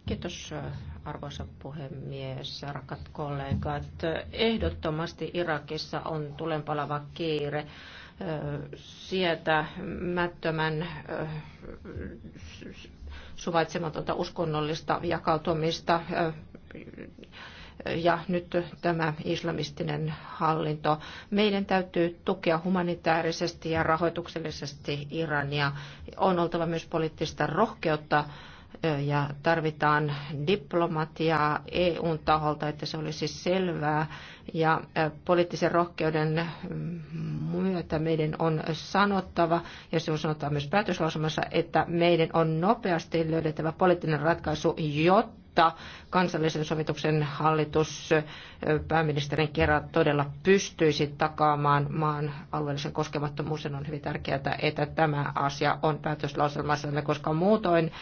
Speaker 2: Kiitos äh, arvoisa puhemies, rakat kollegat. Ehdottomasti Irakissa on tulenpalava kiire sietämättömän suvaitsematonta uskonnollista jakautumista. Ja nyt tämä islamistinen hallinto. Meidän täytyy tukea humanitaarisesti ja rahoituksellisesti Irania. On oltava myös poliittista rohkeutta ja tarvitaan diplomatiaa EUn taholta, että se olisi selvää. Ja poliittisen rohkeuden mm, myötä meidän on sanottava, ja se on sanottava myös päätöslausumassa, että meidän on nopeasti löydettävä poliittinen ratkaisu, jotta mutta kansallisen sovituksen hallitus pääministerin kerran todella pystyisi takaamaan maan alueellisen koskemattomuuden. On hyvin tärkeää, että tämä asia on päätöslauselmassa, koska muutoin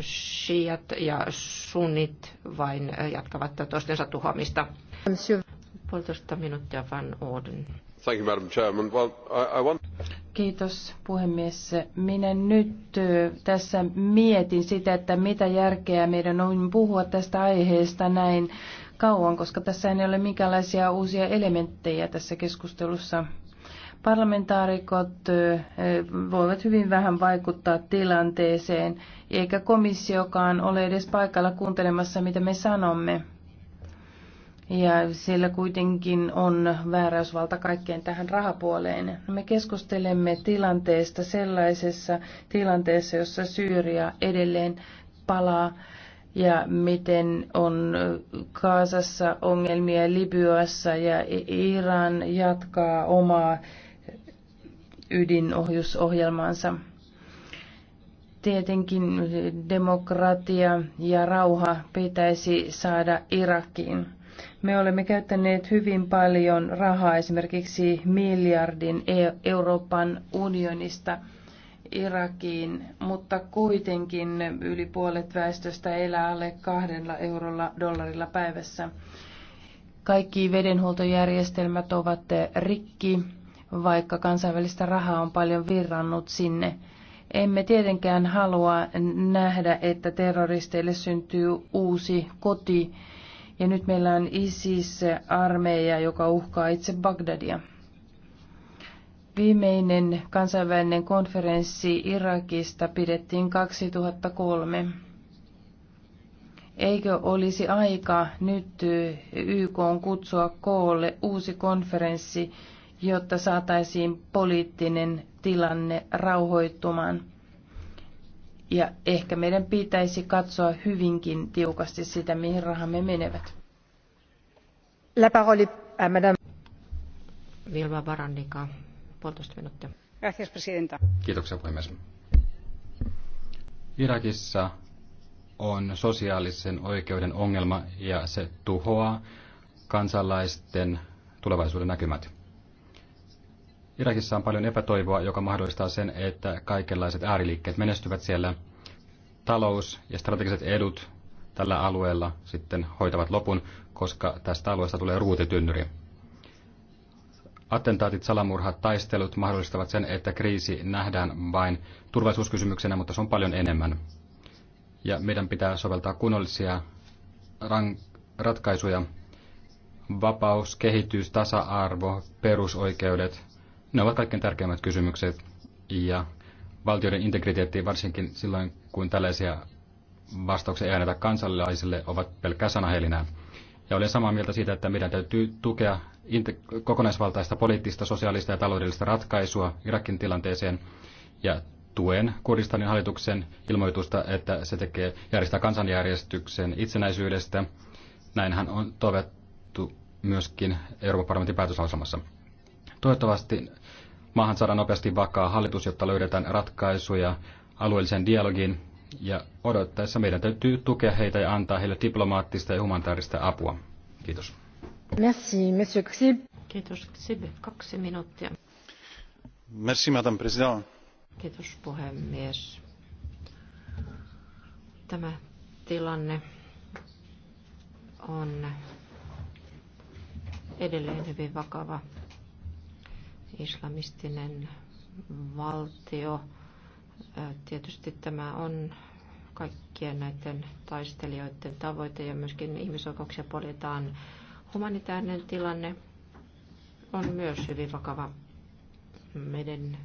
Speaker 2: shiat ja sunnit vain jatkavat toistensa tuhoamista. Puolitoista minuuttia Van Orden. Kiitos puhemies. Minä
Speaker 3: nyt tässä mietin sitä, että mitä järkeä meidän on puhua tästä aiheesta näin kauan, koska tässä ei ole minkäänlaisia uusia elementtejä tässä keskustelussa. Parlamentaarikot voivat hyvin vähän vaikuttaa tilanteeseen, eikä komissiokaan ole edes paikalla kuuntelemassa, mitä me sanomme ja siellä kuitenkin on vääräysvalta kaikkeen tähän rahapuoleen. Me keskustelemme tilanteesta sellaisessa tilanteessa, jossa Syyria edelleen palaa ja miten on Kaasassa ongelmia Libyassa ja Iran jatkaa omaa ydinohjusohjelmaansa. Tietenkin demokratia ja rauha pitäisi saada Irakiin. Me olemme käyttäneet hyvin paljon rahaa, esimerkiksi miljardin Euroopan unionista Irakiin, mutta kuitenkin yli puolet väestöstä elää alle kahdella eurolla dollarilla päivässä. Kaikki vedenhuoltojärjestelmät ovat rikki, vaikka kansainvälistä rahaa on paljon virrannut sinne. Emme tietenkään halua nähdä, että terroristeille syntyy uusi koti ja nyt meillä on ISIS-armeija, joka uhkaa itse Bagdadia. Viimeinen kansainvälinen konferenssi Irakista pidettiin 2003. Eikö olisi aika nyt YK on kutsua koolle uusi konferenssi, jotta saataisiin poliittinen tilanne rauhoittumaan? Ja ehkä meidän pitäisi katsoa hyvinkin tiukasti sitä,
Speaker 2: mihin rahamme menevät. La parole à madame. Vilma Barandika, puolitoista minuuttia. Gracias, presidenta.
Speaker 1: Kiitoksia puhemies. Irakissa on sosiaalisen oikeuden ongelma ja se tuhoaa kansalaisten tulevaisuuden näkymät. Irakissa on paljon epätoivoa, joka mahdollistaa sen, että kaikenlaiset ääriliikkeet menestyvät siellä. Talous ja strategiset edut tällä alueella sitten hoitavat lopun, koska tästä alueesta tulee ruutitynnyri. Attentaatit, salamurhat, taistelut mahdollistavat sen, että kriisi nähdään vain turvallisuuskysymyksenä, mutta se on paljon enemmän. Ja meidän pitää soveltaa kunnollisia ratkaisuja. Vapaus, kehitys, tasa-arvo, perusoikeudet, ne ovat kaikkein tärkeimmät kysymykset ja valtioiden integriteetti varsinkin silloin, kun tällaisia vastauksia ei anneta kansalaisille, ovat pelkkää sanahelinää. Ja olen samaa mieltä siitä, että meidän täytyy tukea kokonaisvaltaista poliittista, sosiaalista ja taloudellista ratkaisua Irakin tilanteeseen ja tuen Kurdistanin hallituksen ilmoitusta, että se tekee järjestää kansanjärjestyksen itsenäisyydestä. Näinhän on toivottu myöskin Euroopan parlamentin päätöslauselmassa. Toivottavasti maahan saada nopeasti vakaa hallitus, jotta löydetään ratkaisuja alueelliseen dialogiin ja odottaessa meidän täytyy tukea heitä ja antaa heille diplomaattista ja humanitaarista apua. Kiitos.
Speaker 2: Merci, monsieur Ksib. Kiitos, Ksib. Kaksi minuuttia.
Speaker 1: Merci, madame president.
Speaker 2: Kiitos, puhemies. Tämä tilanne on edelleen hyvin vakava islamistinen valtio. Tietysti tämä on kaikkien näiden taistelijoiden tavoite ja myöskin ihmisoikeuksia poljetaan. Humanitaarinen tilanne on myös hyvin vakava. Meidän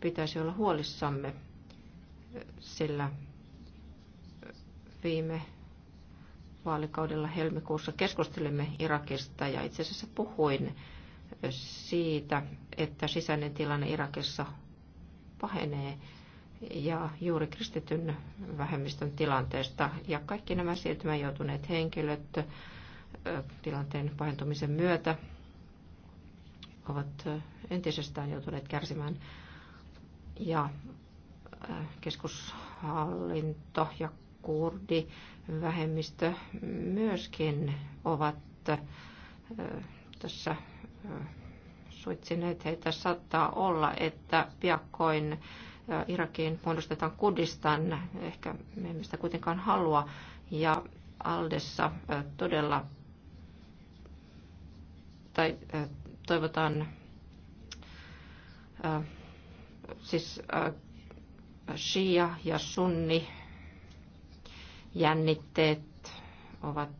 Speaker 2: pitäisi olla huolissamme, sillä viime vaalikaudella helmikuussa keskustelimme Irakista ja itse asiassa puhuin siitä, että sisäinen tilanne Irakissa pahenee ja juuri kristityn vähemmistön tilanteesta. Ja kaikki nämä siirtymään joutuneet henkilöt tilanteen pahentumisen myötä ovat entisestään joutuneet kärsimään. Ja keskushallinto ja kurdi vähemmistö myöskin ovat tässä suitsineet heitä saattaa olla, että piakkoin Irakiin muodostetaan Kurdistan, ehkä me emme sitä kuitenkaan halua, ja Aldessa todella tai toivotaan siis Shia ja Sunni jännitteet ovat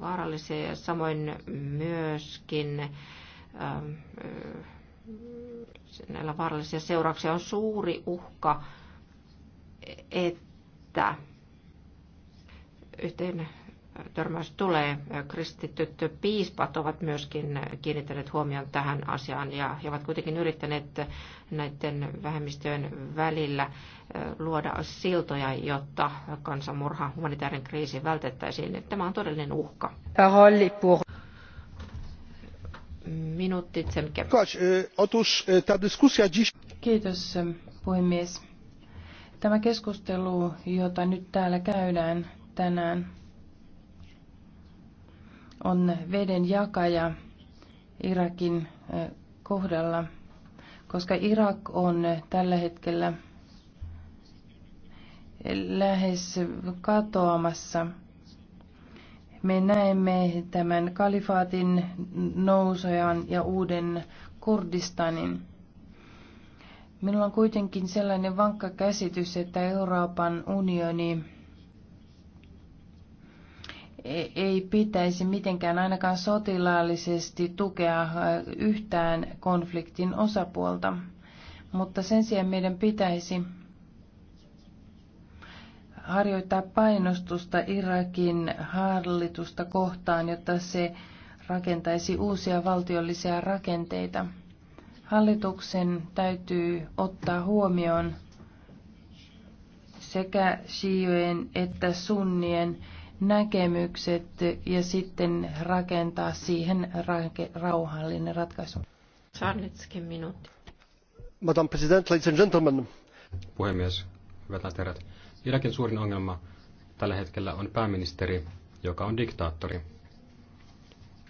Speaker 2: vaarallisia ja samoin myöskin ähm, äh, näillä vaarallisia seurauksia on suuri uhka, että yhteen törmäys tulee. Kristityt piispat ovat myöskin kiinnittäneet huomion tähän asiaan ja he ovat kuitenkin yrittäneet näiden vähemmistöjen välillä eh, luoda siltoja, jotta kansanmurha, humanitaarinen kriisi vältettäisiin. Tämä on todellinen uhka. Eh, eh, Kiitos
Speaker 3: puhemies. Tämä keskustelu, jota nyt täällä käydään tänään, on veden jakaja Irakin kohdalla, koska Irak on tällä hetkellä lähes katoamassa. Me näemme tämän kalifaatin nousujan ja uuden Kurdistanin. Minulla on kuitenkin sellainen vankka käsitys, että Euroopan unioni E, ei pitäisi mitenkään ainakaan sotilaallisesti tukea äh, yhtään konfliktin osapuolta, mutta sen sijaan meidän pitäisi harjoittaa painostusta Irakin hallitusta kohtaan, jotta se rakentaisi uusia valtiollisia rakenteita. Hallituksen täytyy ottaa huomioon sekä shiojen että sunnien näkemykset ja sitten rakentaa siihen rauhallinen ratkaisu. Charlitskin minuutti.
Speaker 1: Madam President, ladies and gentlemen. Puhemies, hyvät herrat. Irakin suurin ongelma tällä hetkellä on pääministeri, joka on diktaattori.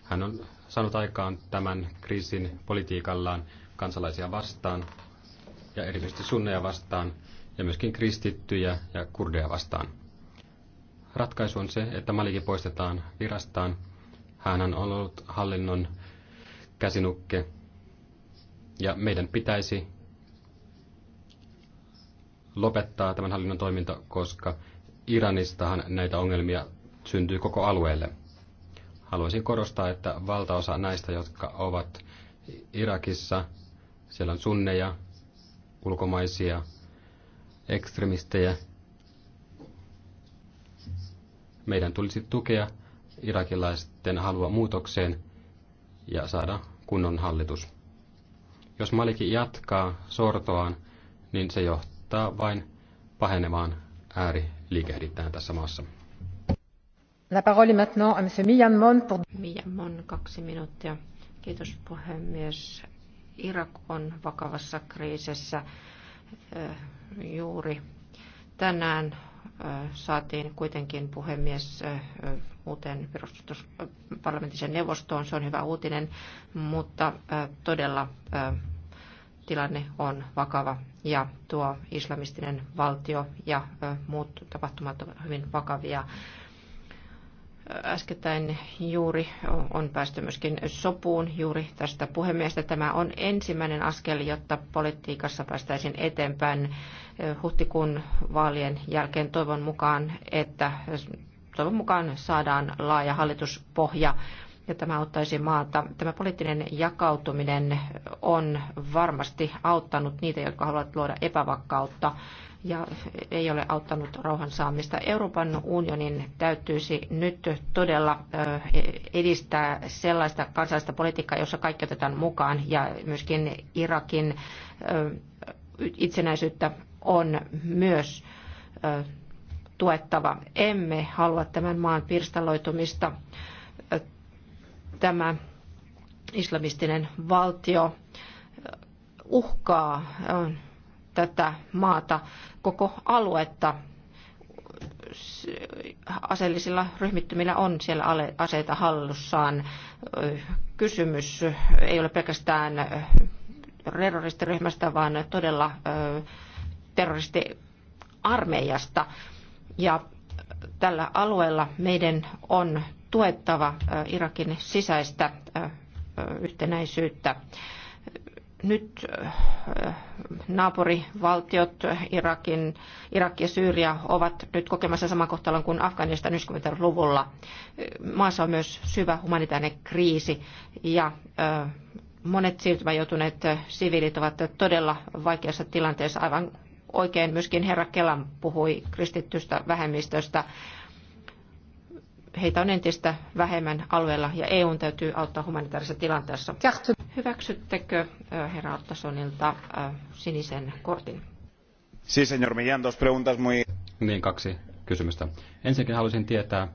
Speaker 1: Hän on saanut aikaan tämän kriisin politiikallaan kansalaisia vastaan ja erityisesti sunneja vastaan ja myöskin kristittyjä ja kurdeja vastaan ratkaisu on se, että Maliki poistetaan virastaan. Hän on ollut hallinnon käsinukke. Ja meidän pitäisi lopettaa tämän hallinnon toiminta, koska Iranistahan näitä ongelmia syntyy koko alueelle. Haluaisin korostaa, että valtaosa näistä, jotka ovat Irakissa, siellä on sunneja, ulkomaisia, ekstremistejä, meidän tulisi tukea irakilaisten halua muutokseen ja saada kunnon hallitus. Jos Maliki jatkaa sortoaan, niin se johtaa vain pahenevaan ääriliikehdittään tässä maassa.
Speaker 2: La parole est maintenant à monsieur Miyamon pour... Miyamon, kaksi minuuttia. Kiitos puhemies. Irak on vakavassa kriisissä eh, juuri tänään saatiin kuitenkin puhemies muuten parlamenttisen neuvostoon. Se on hyvä uutinen, mutta todella tilanne on vakava ja tuo islamistinen valtio ja muut tapahtumat ovat hyvin vakavia äskettäin juuri on päästy myöskin sopuun juuri tästä puhemiestä. Tämä on ensimmäinen askel, jotta politiikassa päästäisiin eteenpäin huhtikuun vaalien jälkeen. Toivon mukaan, että toivon mukaan saadaan laaja hallituspohja ja tämä auttaisi maata. Tämä poliittinen jakautuminen on varmasti auttanut niitä, jotka haluavat luoda epävakautta ja ei ole auttanut rauhan saamista. Euroopan unionin täytyisi nyt todella edistää sellaista kansallista politiikkaa, jossa kaikki otetaan mukaan ja myöskin Irakin itsenäisyyttä on myös tuettava. Emme halua tämän maan pirstaloitumista tämä islamistinen valtio äh, uhkaa äh, tätä maata, koko aluetta. Aseellisilla ryhmittymillä on siellä aseita hallussaan. Äh, kysymys ei ole pelkästään terroristiryhmästä, vaan todella terroristiarmeijasta. Ja tällä alueella meidän on tuettava Irakin sisäistä yhtenäisyyttä. Nyt naapurivaltiot Irakin, Irak ja Syyria ovat nyt kokemassa saman kohtalon kuin Afganistan 90-luvulla. Maassa on myös syvä humanitaarinen kriisi ja monet siirtymään joutuneet siviilit ovat todella vaikeassa tilanteessa. Aivan oikein myöskin herra Kelan puhui kristittystä vähemmistöstä heitä on entistä vähemmän alueella ja EUn täytyy auttaa humanitaarisessa tilanteessa. Hyväksyttekö herra Ottasonilta sinisen kortin?
Speaker 1: Sí, señor Millán, dos preguntas muy... Niin, kaksi kysymystä. Ensinnäkin haluaisin tietää,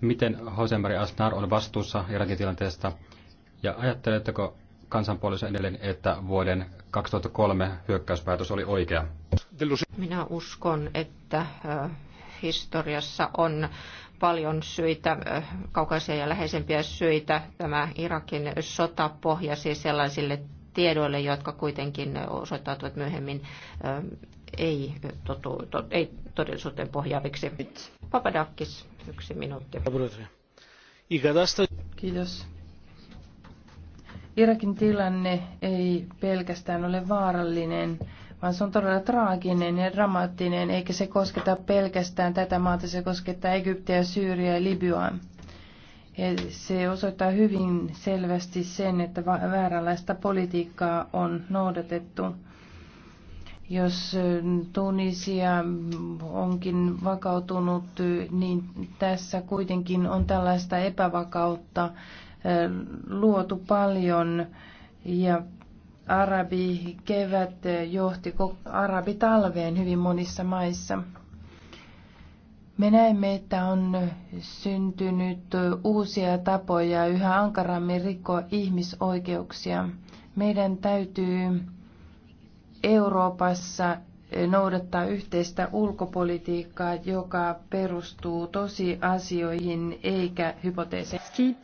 Speaker 1: miten Hosenberg Asnar on vastuussa Irakin tilanteesta, ja ajatteletteko kansanpuolisen edelleen, että vuoden 2003 hyökkäyspäätös oli oikea?
Speaker 2: Minä uskon, että historiassa on paljon syitä, kaukaisia ja läheisempiä syitä. Tämä Irakin sota pohjasi sellaisille tiedoille, jotka kuitenkin osoittautuvat myöhemmin ei, totu, to, ei todellisuuteen pohjaaviksi. Papadakis, yksi minuutti. Kiitos.
Speaker 3: Irakin tilanne ei pelkästään ole vaarallinen vaan se on todella traaginen ja dramaattinen, eikä se kosketa pelkästään tätä maata, se koskettaa Egyptiä, Syyriä ja Libyaa. Ja se osoittaa hyvin selvästi sen, että vääränlaista politiikkaa on noudatettu. Jos Tunisia onkin vakautunut, niin tässä kuitenkin on tällaista epävakautta luotu paljon ja arabi kevät johti arabitalveen hyvin monissa maissa. Me näemme, että on syntynyt uusia tapoja yhä ankarammin rikkoa ihmisoikeuksia. Meidän täytyy Euroopassa noudattaa yhteistä ulkopolitiikkaa, joka perustuu tosiasioihin eikä hypoteeseihin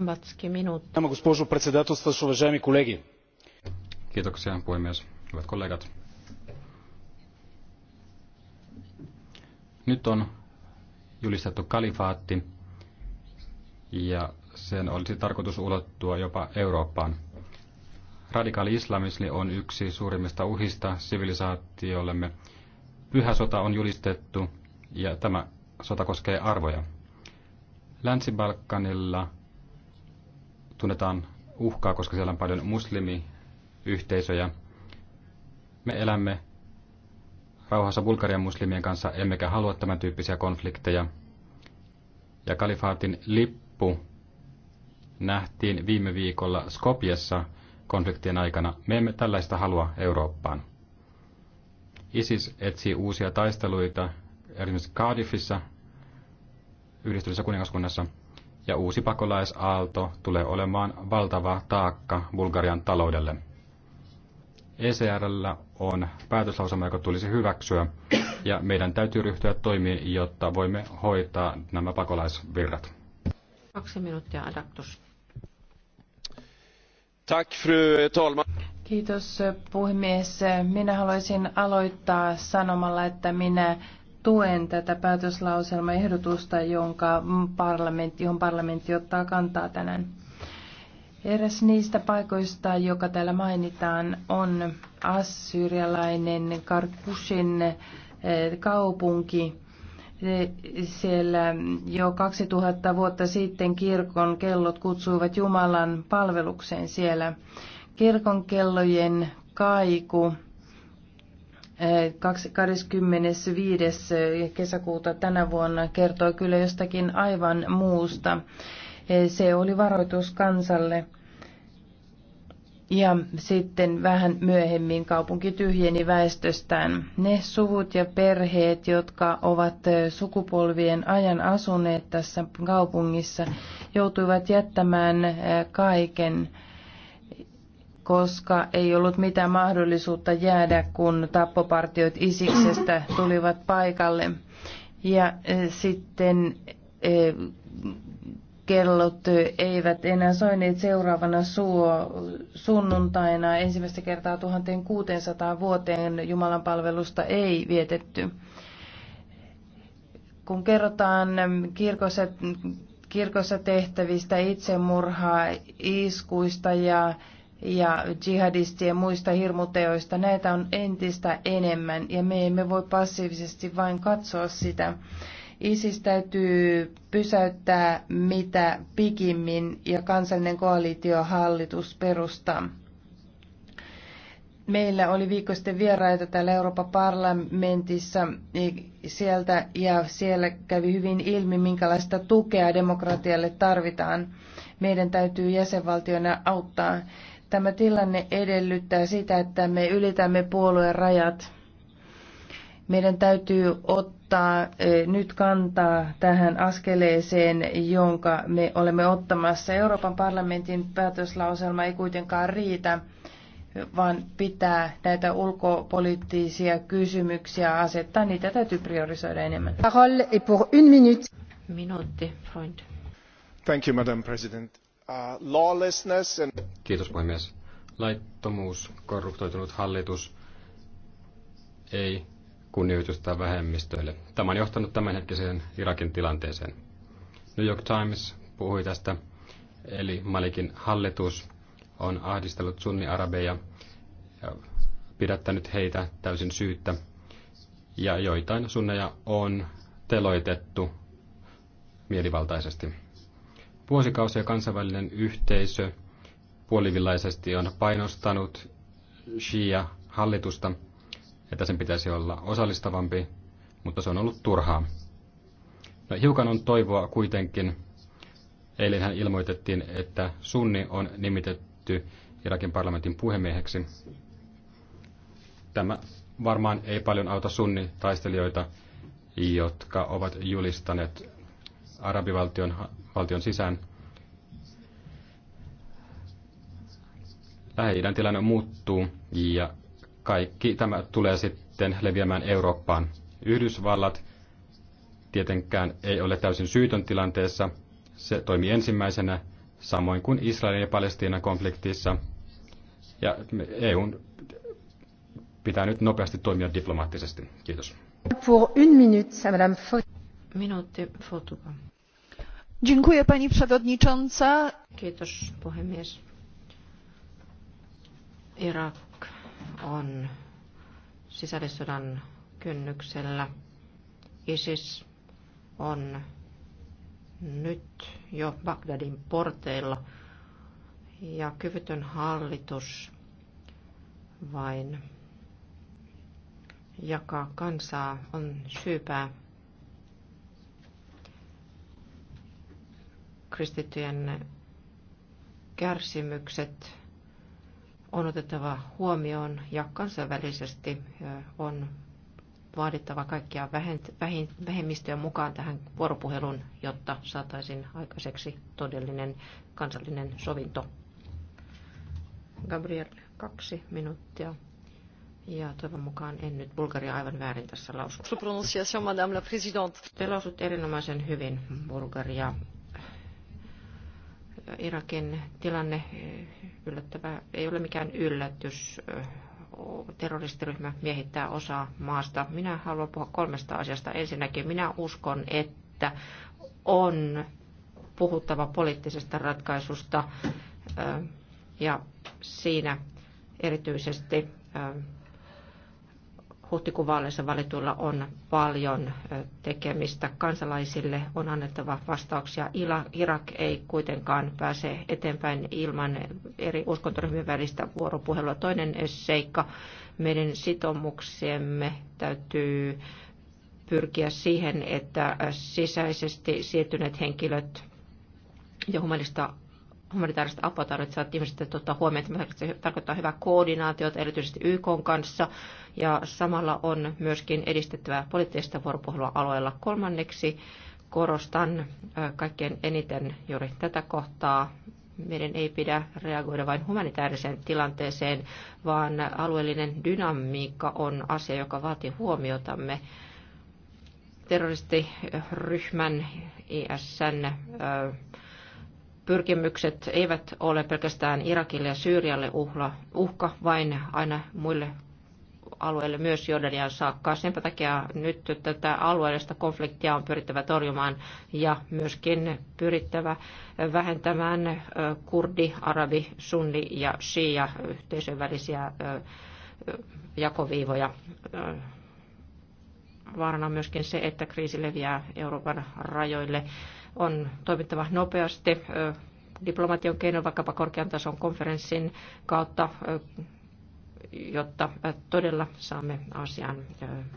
Speaker 2: arvoisa minuutti.
Speaker 1: госпожо председателстващ, уважаеми колеги. Kiitoksia puhemies. Hyvät kollegat. Nyt on julistettu kalifaatti ja sen olisi tarkoitus ulottua jopa Eurooppaan. Radikaali islamismi on yksi suurimmista uhista sivilisaatiollemme. Pyhä sota on julistettu ja tämä sota koskee arvoja. Länsi-Balkanilla tunnetaan uhkaa, koska siellä on paljon muslimiyhteisöjä. Me elämme rauhassa Bulgarian muslimien kanssa, emmekä halua tämän tyyppisiä konflikteja. Ja kalifaatin lippu nähtiin viime viikolla Skopjessa konfliktien aikana. Me emme tällaista halua Eurooppaan. ISIS etsii uusia taisteluita, esimerkiksi Cardiffissa, yhdistyneessä kuningaskunnassa – ja uusi pakolaisaalto tulee olemaan valtava taakka Bulgarian taloudelle. ECRllä on päätöslausema, joka tulisi hyväksyä, ja meidän täytyy ryhtyä toimiin, jotta voimme hoitaa nämä pakolaisvirrat.
Speaker 2: Kaksi minuuttia adaptus.
Speaker 1: Tack, fru talman.
Speaker 3: Kiitos puhemies. Minä haluaisin aloittaa sanomalla, että minä tuen tätä päätöslauselmaehdotusta, jonka parlamentti, johon parlamentti ottaa kantaa tänään. Eräs niistä paikoista, joka täällä mainitaan, on assyrialainen Karkushin eh, kaupunki. Siellä jo 2000 vuotta sitten kirkon kellot kutsuivat Jumalan palvelukseen siellä. Kirkon kellojen kaiku 25. kesäkuuta tänä vuonna kertoi kyllä jostakin aivan muusta. Se oli varoitus kansalle. Ja sitten vähän myöhemmin kaupunki tyhjeni väestöstään. Ne suvut ja perheet, jotka ovat sukupolvien ajan asuneet tässä kaupungissa, joutuivat jättämään kaiken koska ei ollut mitään mahdollisuutta jäädä, kun tappopartiot Isiksestä tulivat paikalle. Ja e, sitten e, kellot eivät enää soineet seuraavana suo sunnuntaina. Ensimmäistä kertaa 1600 vuoteen Jumalan palvelusta ei vietetty. Kun kerrotaan kirkossa, kirkossa tehtävistä itsemurhaa, iskuista ja ja jihadistien muista hirmuteoista. Näitä on entistä enemmän ja me emme voi passiivisesti vain katsoa sitä. ISIS täytyy pysäyttää mitä pikimmin ja kansallinen koalitiohallitus perustaa. Meillä oli viikko sitten vieraita täällä Euroopan parlamentissa e, sieltä ja siellä kävi hyvin ilmi, minkälaista tukea demokratialle tarvitaan. Meidän täytyy jäsenvaltiona auttaa Tämä tilanne edellyttää sitä, että me ylitämme puolueen rajat. Meidän täytyy ottaa eh, nyt kantaa tähän askeleeseen, jonka me olemme ottamassa. Euroopan parlamentin päätöslauselma ei kuitenkaan riitä, vaan pitää näitä ulkopoliittisia kysymyksiä asettaa. Niitä täytyy priorisoida enemmän.
Speaker 2: Parole pour une minute. Minuutti, Freund. Thank you, Madam President. Uh, lawlessness
Speaker 1: and... Kiitos puhemies. Laittomuus, korruptoitunut hallitus ei kunnioitusta vähemmistöille. Tämä on johtanut tämänhetkiseen Irakin tilanteeseen. New York Times puhui tästä, eli Malikin hallitus on ahdistellut sunni-arabeja ja pidättänyt heitä täysin syyttä. Ja joitain sunneja on teloitettu mielivaltaisesti. Vuosikausia kansainvälinen yhteisö puolivillaisesti on painostanut Shia-hallitusta, että sen pitäisi olla osallistavampi, mutta se on ollut turhaa. No, hiukan on toivoa kuitenkin. Eilenhän ilmoitettiin, että Sunni on nimitetty Irakin parlamentin puhemieheksi. Tämä varmaan ei paljon auta Sunni taistelijoita, jotka ovat julistaneet arabivaltion valtion sisään. lähi tilanne muuttuu ja kaikki tämä tulee sitten leviämään Eurooppaan. Yhdysvallat tietenkään ei ole täysin syytön tilanteessa. Se toimii ensimmäisenä, samoin kuin Israelin ja Palestiinan konfliktissa. Ja EU pitää nyt nopeasti toimia diplomaattisesti. Kiitos.
Speaker 2: Pour une minute, Madame Minuutti, Dziękuję pani przewodnicząca. Kiitos puhemies. Irak on sisällissodan kynnyksellä. ISIS on nyt jo Bagdadin porteilla ja kyvytön hallitus vain jakaa kansaa on syypää kristittyjen kärsimykset on otettava huomioon ja kansainvälisesti on vaadittava kaikkia vähemmistöjä mukaan tähän vuoropuheluun, jotta saataisiin aikaiseksi todellinen kansallinen sovinto. Gabriel, kaksi minuuttia. Ja toivon mukaan en nyt Bulgaria aivan väärin tässä lausunut. Te lausut erinomaisen hyvin Bulgaria. Irakin tilanne eh, yllättävä, ei ole mikään yllätys. Eh, terroristiryhmä miehittää osaa maasta. Minä haluan puhua kolmesta asiasta. Ensinnäkin minä uskon, että on puhuttava poliittisesta ratkaisusta eh, ja siinä erityisesti huhtikuvaaleissa valituilla on paljon tekemistä. Kansalaisille on annettava vastauksia. Irak ei kuitenkaan pääse eteenpäin ilman eri uskontoryhmien välistä vuoropuhelua. Toinen seikka, meidän sitomuksiemme täytyy pyrkiä siihen, että sisäisesti siirtyneet henkilöt ja humanista humanitaarista apua tarvitsevat ihmiset täytyy ottaa huomioon. se tarkoittaa hyvää koordinaatiota erityisesti YK kanssa ja samalla on myöskin edistettävä poliittista vuoropuhelua alueella. Kolmanneksi korostan kaikkein eniten juuri tätä kohtaa. Meidän ei pidä reagoida vain humanitaariseen tilanteeseen, vaan alueellinen dynamiikka on asia, joka vaatii huomiotamme terroristiryhmän ISN pyrkimykset eivät ole pelkästään Irakille ja Syyrialle uhla, uhka, vain aina muille alueille myös Jordanian saakka. Sen takia nyt tätä alueellista konfliktia on pyrittävä torjumaan ja myöskin pyrittävä vähentämään kurdi, arabi, sunni ja shia yhteisön välisiä jakoviivoja. Vaarana on myöskin se, että kriisi leviää Euroopan rajoille on toimittava nopeasti diplomatian keinoin, vaikkapa korkean tason konferenssin kautta, jotta todella saamme asian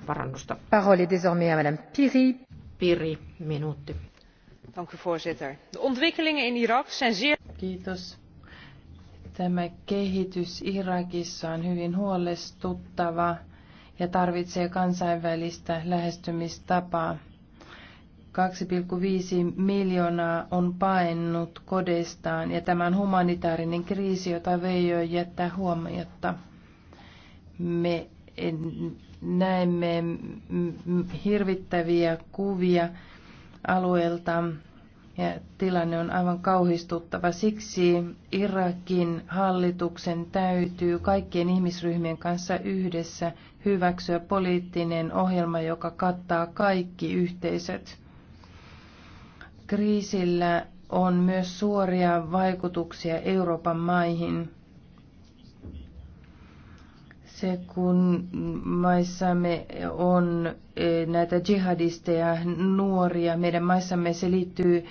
Speaker 2: parannusta. Parole désormais à Madame Piri. Piri, minuutti.
Speaker 3: Dank u voorzitter. De ontwikkelingen in Irak zijn zeer... Kiitos. Tämä kehitys Irakissa on hyvin huolestuttava ja tarvitsee kansainvälistä lähestymistapaa. 2,5 miljoonaa on paennut kodestaan ja tämä on humanitaarinen kriisi, jota ei jättää huomiota. Me näemme hirvittäviä kuvia alueelta ja tilanne on aivan kauhistuttava. Siksi Irakin hallituksen täytyy kaikkien ihmisryhmien kanssa yhdessä hyväksyä poliittinen ohjelma, joka kattaa kaikki yhteisöt. Kriisillä on myös suoria vaikutuksia Euroopan maihin. Se, kun maissamme on e, näitä jihadisteja, nuoria, meidän maissamme se liittyy,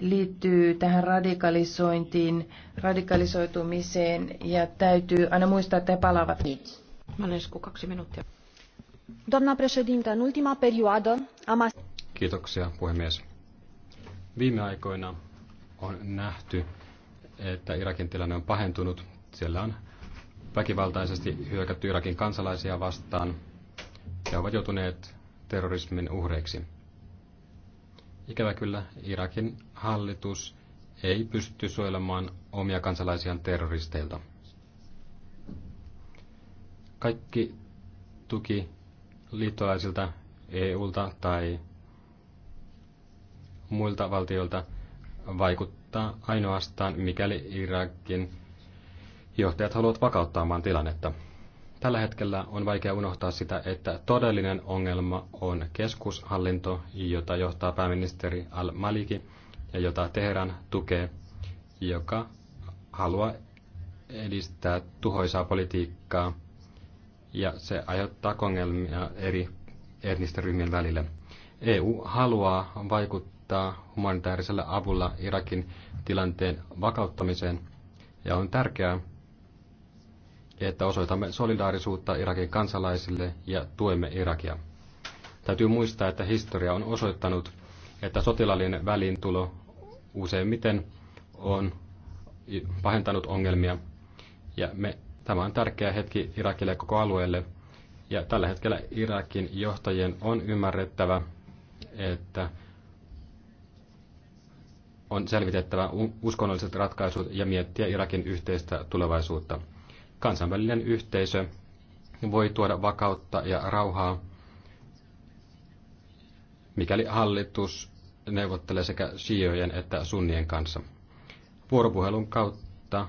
Speaker 3: liittyy tähän radikalisointiin, radikalisoitumiseen ja täytyy aina muistaa, että he palaavat. Manesku, kaksi minuuttia. Doamna președintă, în ultima perioadă am...
Speaker 1: Kiitoksia, puhemies Viime aikoina on nähty, että Irakin tilanne on pahentunut. Siellä on väkivaltaisesti hyökätty Irakin kansalaisia vastaan. ja ovat joutuneet terrorismin uhreiksi. Ikävä kyllä Irakin hallitus ei pysty suojelemaan omia kansalaisiaan terroristeilta. Kaikki tuki liittolaisilta EUlta tai muilta valtioilta vaikuttaa ainoastaan, mikäli Irakin johtajat haluavat vakauttaa maan tilannetta. Tällä hetkellä on vaikea unohtaa sitä, että todellinen ongelma on keskushallinto, jota johtaa pääministeri al-Maliki ja jota Teheran tukee, joka haluaa edistää tuhoisaa politiikkaa ja se aiheuttaa ongelmia eri etnisten ryhmien välille. EU haluaa vaikuttaa vaikuttaa humanitaarisella avulla Irakin tilanteen vakauttamiseen ja on tärkeää, että osoitamme solidaarisuutta Irakin kansalaisille ja tuemme Irakia. Täytyy muistaa, että historia on osoittanut, että sotilaallinen väliintulo useimmiten on pahentanut ongelmia. Ja me, tämä on tärkeä hetki Irakille ja koko alueelle. Ja tällä hetkellä Irakin johtajien on ymmärrettävä, että on selvitettävä uskonnolliset ratkaisut ja miettiä Irakin yhteistä tulevaisuutta. Kansainvälinen yhteisö voi tuoda vakautta ja rauhaa, mikäli hallitus neuvottelee sekä shiojen että sunnien kanssa. Vuoropuhelun kautta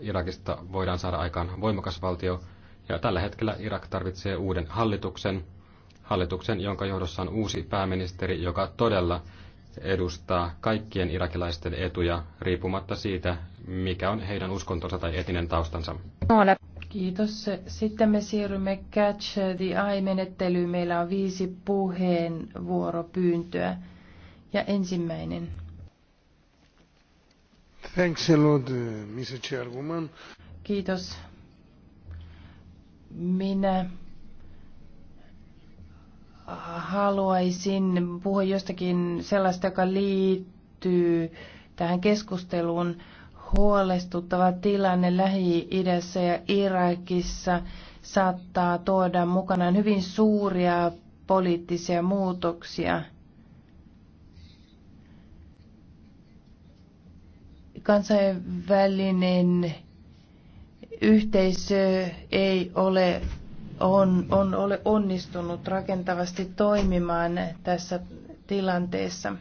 Speaker 1: Irakista voidaan saada aikaan voimakas valtio, ja tällä hetkellä Irak tarvitsee uuden hallituksen, hallituksen, jonka johdossa on uusi pääministeri, joka todella edustaa kaikkien irakilaisten etuja riippumatta siitä, mikä on heidän uskontonsa tai etinen taustansa.
Speaker 3: Kiitos. Sitten me siirrymme Catch the Eye-menettelyyn. Meillä on viisi puheenvuoropyyntöä. Ja ensimmäinen.
Speaker 1: Thanks a lot, uh, Mr. Chairwoman.
Speaker 3: Kiitos. Minä haluaisin puhua jostakin sellaista, joka liittyy tähän keskusteluun huolestuttava tilanne Lähi-idässä ja Irakissa saattaa tuoda mukanaan hyvin suuria poliittisia muutoksia. Kansainvälinen yhteisö ei ole on, on ole onnistunut rakentavasti toimimaan tässä tilanteessa.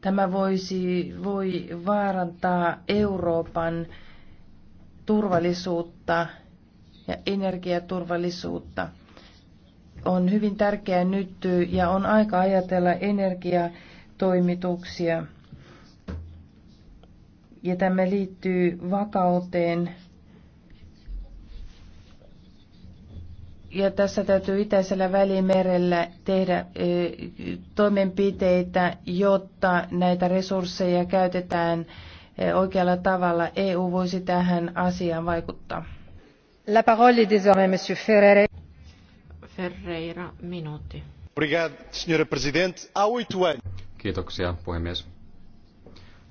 Speaker 3: Tämä voisi, voi vaarantaa Euroopan turvallisuutta ja energiaturvallisuutta. On hyvin tärkeää nyt ja on aika ajatella energiatoimituksia. Ja tämä liittyy vakauteen Ja tässä täytyy Itäisellä välimerellä tehdä toimenpiteitä, jotta näitä resursseja käytetään oikealla tavalla. EU voisi tähän asiaan vaikuttaa. La parole est désormais monsieur
Speaker 2: Ferreira. Ferreira, minuutti.
Speaker 1: Obrigado, senhora presidente. A oito anos. Kiitoksia, puhemies.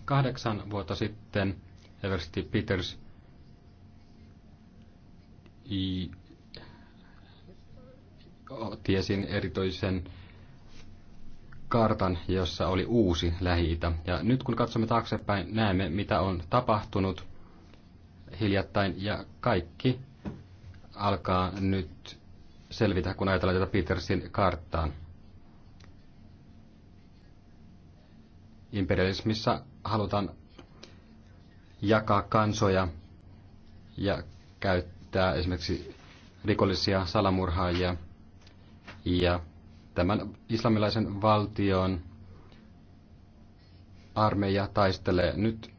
Speaker 1: Kahdeksan vuotta sitten Eversti Peters tiesin erityisen kartan, jossa oli uusi lähi -Itä. Ja nyt kun katsomme taaksepäin, näemme mitä on tapahtunut hiljattain ja kaikki alkaa nyt selvitä, kun ajatellaan tätä Petersin karttaan. Imperialismissa halutaan jakaa kansoja ja käyttää esimerkiksi rikollisia salamurhaajia. Ja tämän islamilaisen valtion armeija taistelee nyt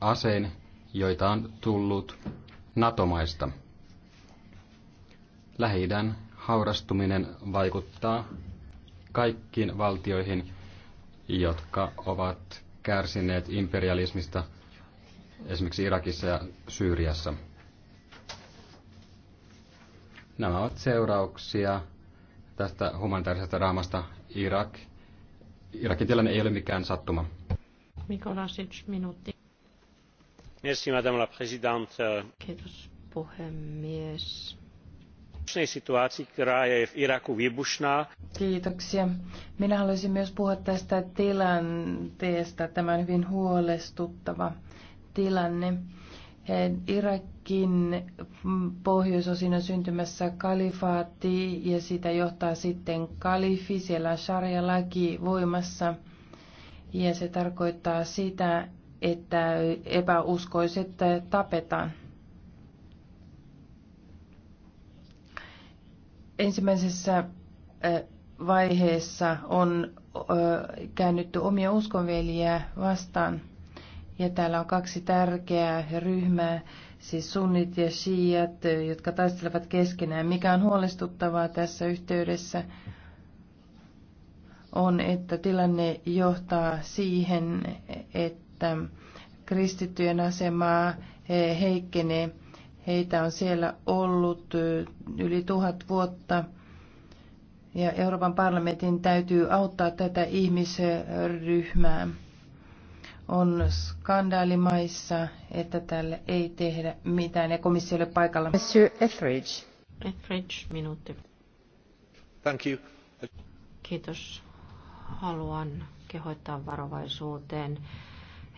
Speaker 1: asein, joita on tullut NATO-maista. lähi haurastuminen vaikuttaa kaikkiin valtioihin, jotka ovat kärsineet imperialismista esimerkiksi Irakissa ja Syyriassa. Nämä ovat seurauksia tästä humanitaarisesta raamasta Irak. Irakin tilanne ei ole mikään sattuma.
Speaker 2: Mikolasic, minuutti.
Speaker 1: Merci, madame la présidente.
Speaker 2: Kiitos, puhemies.
Speaker 1: Iraku
Speaker 3: Kiitoksia. Minä haluaisin myös puhua tästä tilanteesta. Tämä on hyvin huolestuttava tilanne. Eh, Irakin pohjoisosina syntymässä kalifaatti ja sitä johtaa sitten kalifi, siellä on sharia-laki voimassa ja se tarkoittaa sitä, että epäuskoiset tapetaan. Ensimmäisessä eh, vaiheessa on eh, käännytty omia uskonveliä vastaan – ja täällä on kaksi tärkeää ryhmää, siis sunnit ja shiiat, jotka taistelevat keskenään. Mikä on huolestuttavaa tässä yhteydessä on, että tilanne johtaa siihen, että kristittyjen asemaa eh, heikkenee. Heitä on siellä ollut eh, yli tuhat vuotta. Ja Euroopan parlamentin täytyy auttaa tätä ihmisryhmää on skandaalimaissa, että tälle ei tehdä mitään ja komissio ole paikalla.
Speaker 2: Monsieur Etheridge. Etheridge, minuutti. Thank you. Kiitos. Haluan kehoittaa varovaisuuteen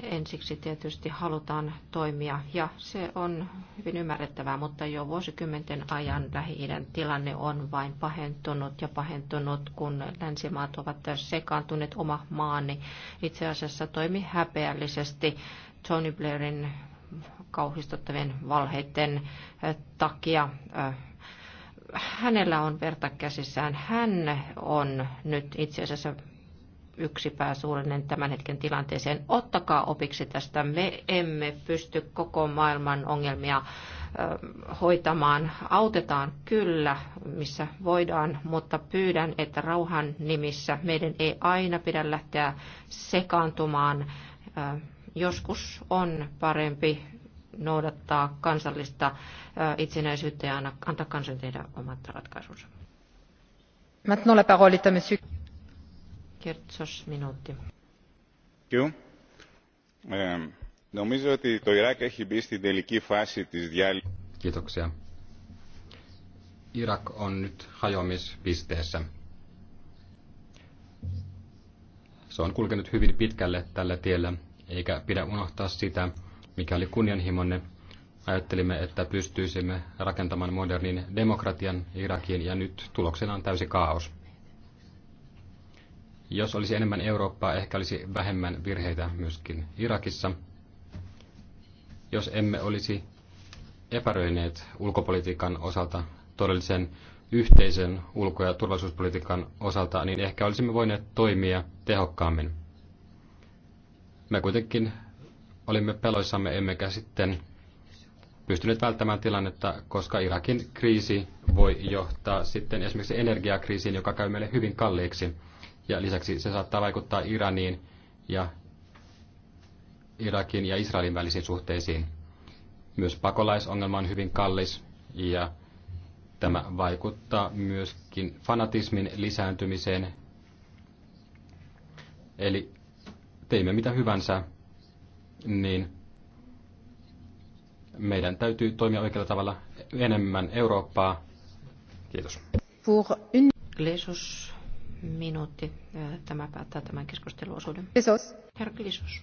Speaker 2: ensiksi tietysti halutaan toimia ja se on hyvin ymmärrettävää, mutta jo vuosikymmenten ajan lähi tilanne on vain pahentunut ja pahentunut, kun länsimaat ovat sekaantuneet oma maani. Itse asiassa toimi häpeällisesti Tony Blairin kauhistuttavien valheiden takia hänellä on verta käsissään. Hän on nyt itse asiassa yksi pääsuullinen tämän hetken tilanteeseen. Ottakaa opiksi tästä. Me emme pysty koko maailman ongelmia hoitamaan. Autetaan kyllä, missä voidaan, mutta pyydän, että rauhan nimissä meidän ei aina pidä lähteä sekaantumaan. Joskus on parempi noudattaa kansallista itsenäisyyttä ja antaa kansan tehdä omat ratkaisunsa. Maintenant la parole est à monsieur.
Speaker 1: Νομίζω ότι το Ιράκ έχει μπει στην τελική φάση της διάλυσης. Kiitoksia. Irak on nyt hajoamispisteessä. Se on kulkenut hyvin pitkälle tällä tiellä, eikä pidä unohtaa sitä, mikä oli kunnianhimonne. Ajattelimme, että pystyisimme rakentamaan modernin demokratian Irakiin ja nyt tuloksena on täysi kaos. Jos olisi enemmän Eurooppaa, ehkä olisi vähemmän virheitä myöskin Irakissa. Jos emme olisi epäröineet ulkopolitiikan osalta todellisen yhteisen ulko- ja turvallisuuspolitiikan osalta, niin ehkä olisimme voineet toimia tehokkaammin. Me kuitenkin olimme peloissamme, emmekä sitten pystyneet välttämään tilannetta, koska Irakin kriisi voi johtaa sitten esimerkiksi energiakriisiin, joka käy meille hyvin kalliiksi. Ja lisäksi se saattaa vaikuttaa Iraniin ja Irakin ja Israelin välisiin suhteisiin. Myös pakolaisongelma on hyvin kallis ja tämä vaikuttaa myöskin fanatismin lisääntymiseen. Eli teimme mitä hyvänsä, niin meidän täytyy toimia oikealla tavalla enemmän Eurooppaa. Kiitos.
Speaker 2: Pour une minuutti. Tämä päättää tämän keskusteluosuuden. Kiitos. Herra Klisos.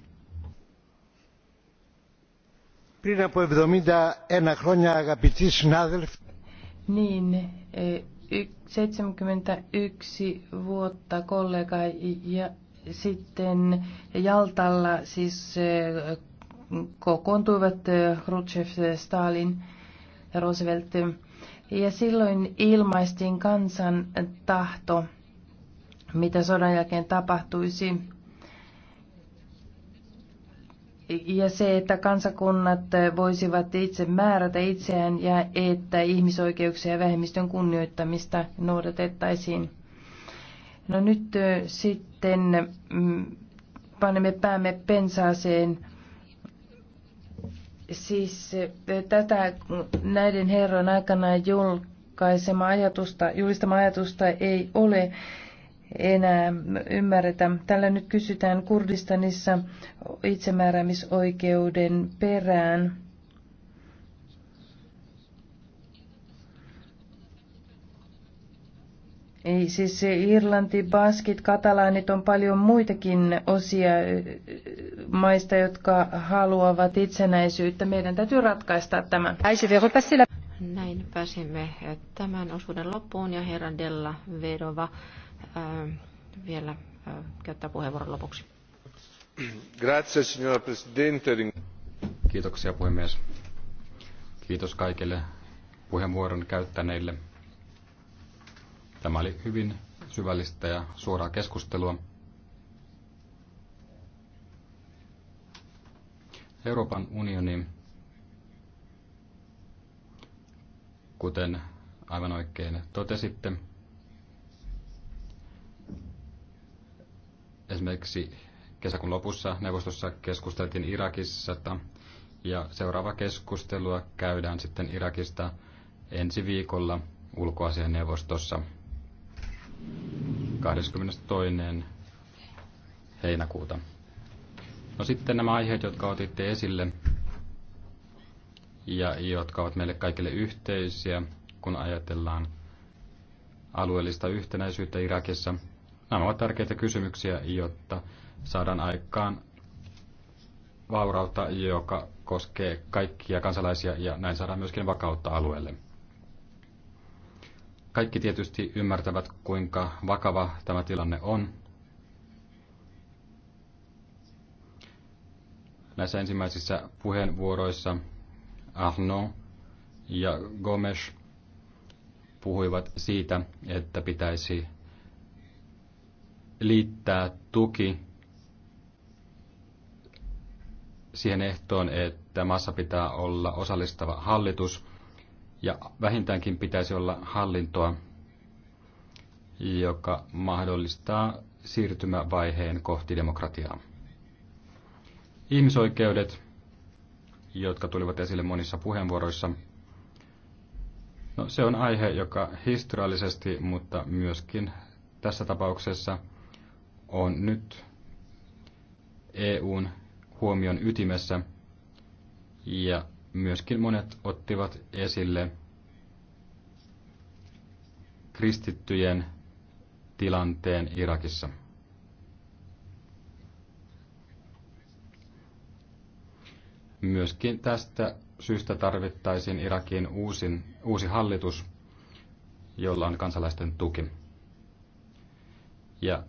Speaker 1: Πριν από 71 χρόνια αγαπητοί συνάδελφοι.
Speaker 3: Niin, 71 vuotta kollega ja sitten Jaltalla siis kokoontuivat Khrushchev, Stalin ja Roosevelt. Ja silloin ilmaistiin kansan tahto mitä sodan jälkeen tapahtuisi. Ja se, että kansakunnat voisivat itse määrätä itseään ja että ihmisoikeuksia ja vähemmistön kunnioittamista noudatettaisiin. No nyt sitten mm, panemme päämme pensaaseen. Siis tätä näiden herran aikana julkaisema ajatusta, julistama ajatusta ei ole enää ymmärretä. Tällä nyt kysytään Kurdistanissa itsemääräämisoikeuden perään. Ei, siis Irlanti, Baskit, Katalaanit on paljon muitakin osia maista, jotka haluavat itsenäisyyttä. Meidän täytyy
Speaker 2: ratkaista tämä. Näin pääsimme tämän osuuden loppuun ja herra Della Vedova. Äh, vielä äh, käyttää puheenvuoron lopuksi.
Speaker 1: Grazie, signora Presidente. Kiitoksia puhemies. Kiitos kaikille puheenvuoron käyttäneille. Tämä oli hyvin syvällistä ja suoraa keskustelua. Euroopan unioni, kuten aivan oikein totesitte, Esimerkiksi kesäkuun lopussa neuvostossa keskusteltiin Irakissa ja seuraava keskustelua käydään sitten Irakista ensi viikolla neuvostossa 22. heinäkuuta. No sitten nämä aiheet, jotka otitte esille ja jotka ovat meille kaikille yhteisiä, kun ajatellaan alueellista yhtenäisyyttä Irakissa – Nämä ovat tärkeitä kysymyksiä, jotta saadaan aikaan vaurautta, joka koskee kaikkia kansalaisia ja näin saadaan myöskin vakautta alueelle. Kaikki tietysti ymmärtävät, kuinka vakava tämä tilanne on. Näissä ensimmäisissä puheenvuoroissa Arno ja Gomes puhuivat siitä, että pitäisi liittää tuki siihen ehtoon, että maassa pitää olla osallistava hallitus ja vähintäänkin pitäisi olla hallintoa, joka mahdollistaa siirtymävaiheen kohti demokratiaa. Ihmisoikeudet, jotka tulivat esille monissa puheenvuoroissa, no, se on aihe, joka historiallisesti, mutta myöskin tässä tapauksessa – on nyt EUn huomion ytimessä ja myöskin monet ottivat esille kristittyjen tilanteen Irakissa. Myöskin tästä syystä tarvittaisiin Irakiin uusin, uusi hallitus, jolla on kansalaisten tuki. Ja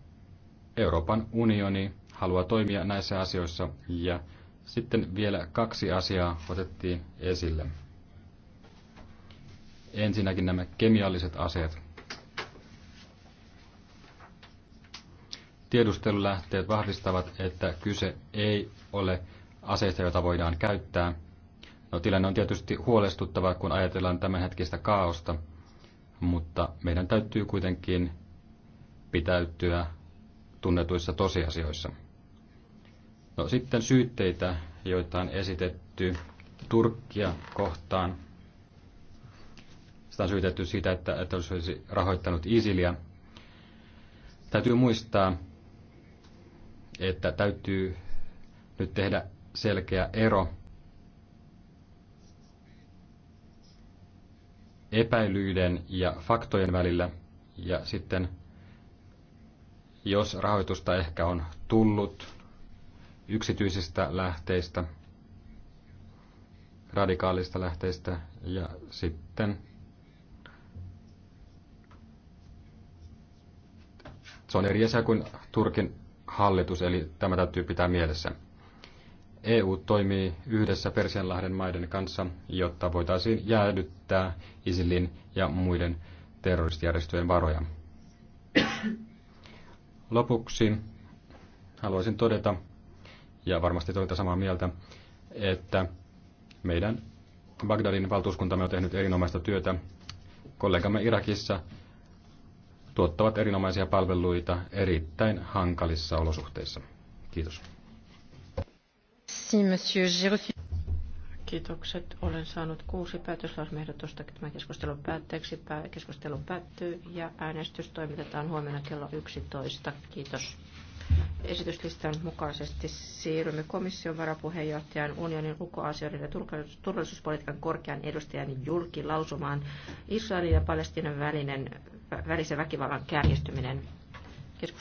Speaker 1: Euroopan unioni haluaa toimia näissä asioissa ja sitten vielä kaksi asiaa otettiin esille. Ensinnäkin nämä kemialliset aseet. Tiedustelulähteet vahvistavat, että kyse ei ole aseista, joita voidaan käyttää. No, tilanne on tietysti huolestuttava, kun ajatellaan tämänhetkistä kaaosta, mutta meidän täytyy kuitenkin pitäytyä tunnetuissa tosiasioissa. No sitten syytteitä, joita on esitetty Turkkia kohtaan. Sitä on syytetty siitä, että, että olisi rahoittanut Isilia. Täytyy muistaa, että täytyy nyt tehdä selkeä ero epäilyiden ja faktojen välillä ja sitten jos rahoitusta ehkä on tullut yksityisistä lähteistä, radikaalista lähteistä ja sitten se on eri asia kuin Turkin hallitus, eli tämä täytyy pitää mielessä. EU toimii yhdessä Persianlahden maiden kanssa, jotta voitaisiin jäädyttää ISILin ja muiden terroristijärjestöjen varoja. Lopuksi haluaisin todeta, ja varmasti todeta samaa mieltä, että meidän Bagdadin valtuuskuntamme on tehnyt erinomaista työtä. Kollegamme Irakissa tuottavat erinomaisia palveluita erittäin hankalissa olosuhteissa. Kiitos.
Speaker 2: Kiitokset. Olen saanut kuusi päätöslausmehdotusta tämän keskustelun päätteeksi. Keskustelu päättyy ja äänestys toimitetaan huomenna kello 11. Kiitos. Esityslistan mukaisesti siirrymme komission varapuheenjohtajan unionin ulkoasioiden ja turvallisuuspolitiikan korkean edustajan julkilausumaan Israelin ja Palestinan välinen, välisen väkivallan kärjistyminen. Keskustelu